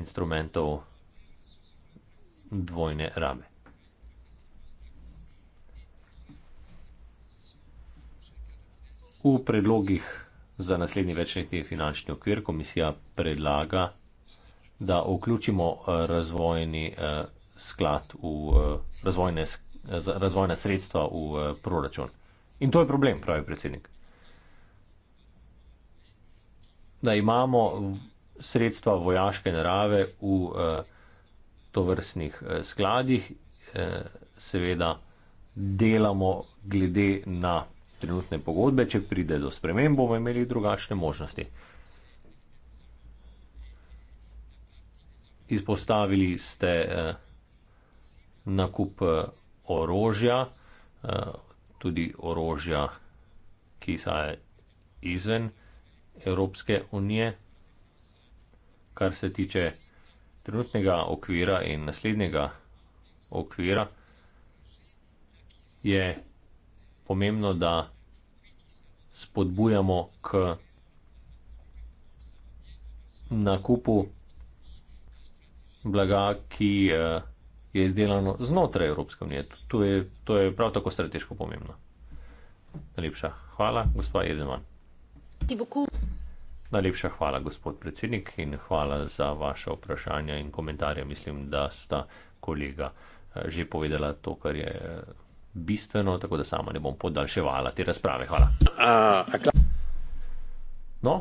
instrumentov dvojne rabe. V predlogih za naslednji večletni finančni okvir komisija predlaga, da vključimo eh, razvojni sklad v razvojne, razvojne sredstva v proračun. In to je problem, pravi predsednik. da imamo sredstva vojaške narave v eh, tovrstnih eh, skladih, eh, seveda delamo glede na trenutne pogodbe, če pride do sprememb, bomo imeli drugačne možnosti. Izpostavili ste nakup orožja, tudi orožja, ki saj je izven, Evropske unije. Kar se tiče trenutnega okvira in naslednjega okvira, je pomembno, da spodbujamo k nakupu blaga, ki eh, je izdelano znotraj Evropske unije. To je, to je prav tako strateško pomembno. Najlepša hvala, gospod Jedeman. Merci beaucoup. Najlepša hvala, gospod predsednik, in hvala za vaše vprašanje in komentarje. Mislim, da sta kolega eh, že povedala to, kar je eh, bistveno, tako da sama ne bom podaljševala te razprave. Hvala. No,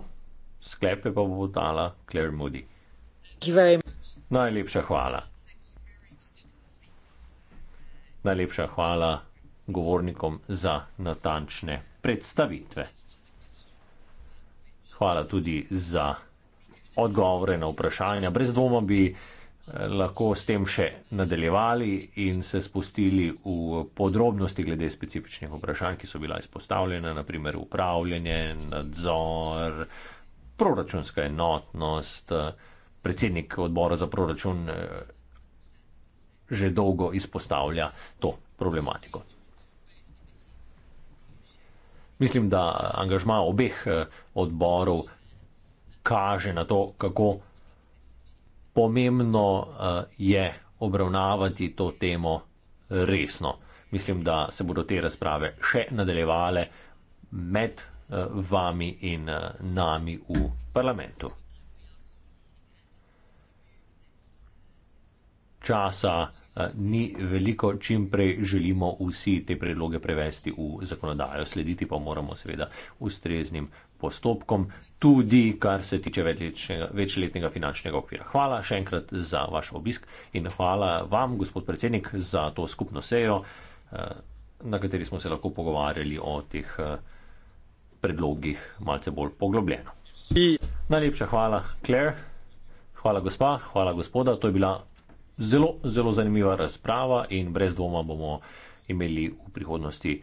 sklepe pa bo dala Claire Moody. Najlepša hvala. Najlepša hvala govornikom za natančne predstavitve hvala tudi za odgovore na vprašanja. Brez dvoma bi eh, lahko s tem še nadaljevali in se spustili v podrobnosti glede specifičnih vprašanj, ki so bila izpostavljena, naprimer upravljanje, nadzor, proračunska enotnost. Predsednik odbora za proračun eh, že dolgo izpostavlja to problematiko. Mislim, da angažma obeh eh, odborov kaže na to, kako pomembno eh, je obravnavati to temo resno. Mislim, da se bodo te razprave še nadaljevale med eh, vami in nami v parlamentu. časa eh, ni veliko, čim prej želimo vsi te predloge prevesti v zakonodajo. Slediti pa moramo seveda ustreznim postopkom, tudi kar se tiče večletnega, večletnega finančnega okvira. Hvala še enkrat za vaš obisk in hvala vam, gospod predsednik, za to skupno sejo, eh, na kateri smo se lahko pogovarjali o teh eh, predlogih malce bolj poglobljeno. Najlepša hvala, Claire. Hvala gospa, hvala gospoda. To je bila zelo, zelo zanimiva razprava in brez dvoma bomo imeli v prihodnosti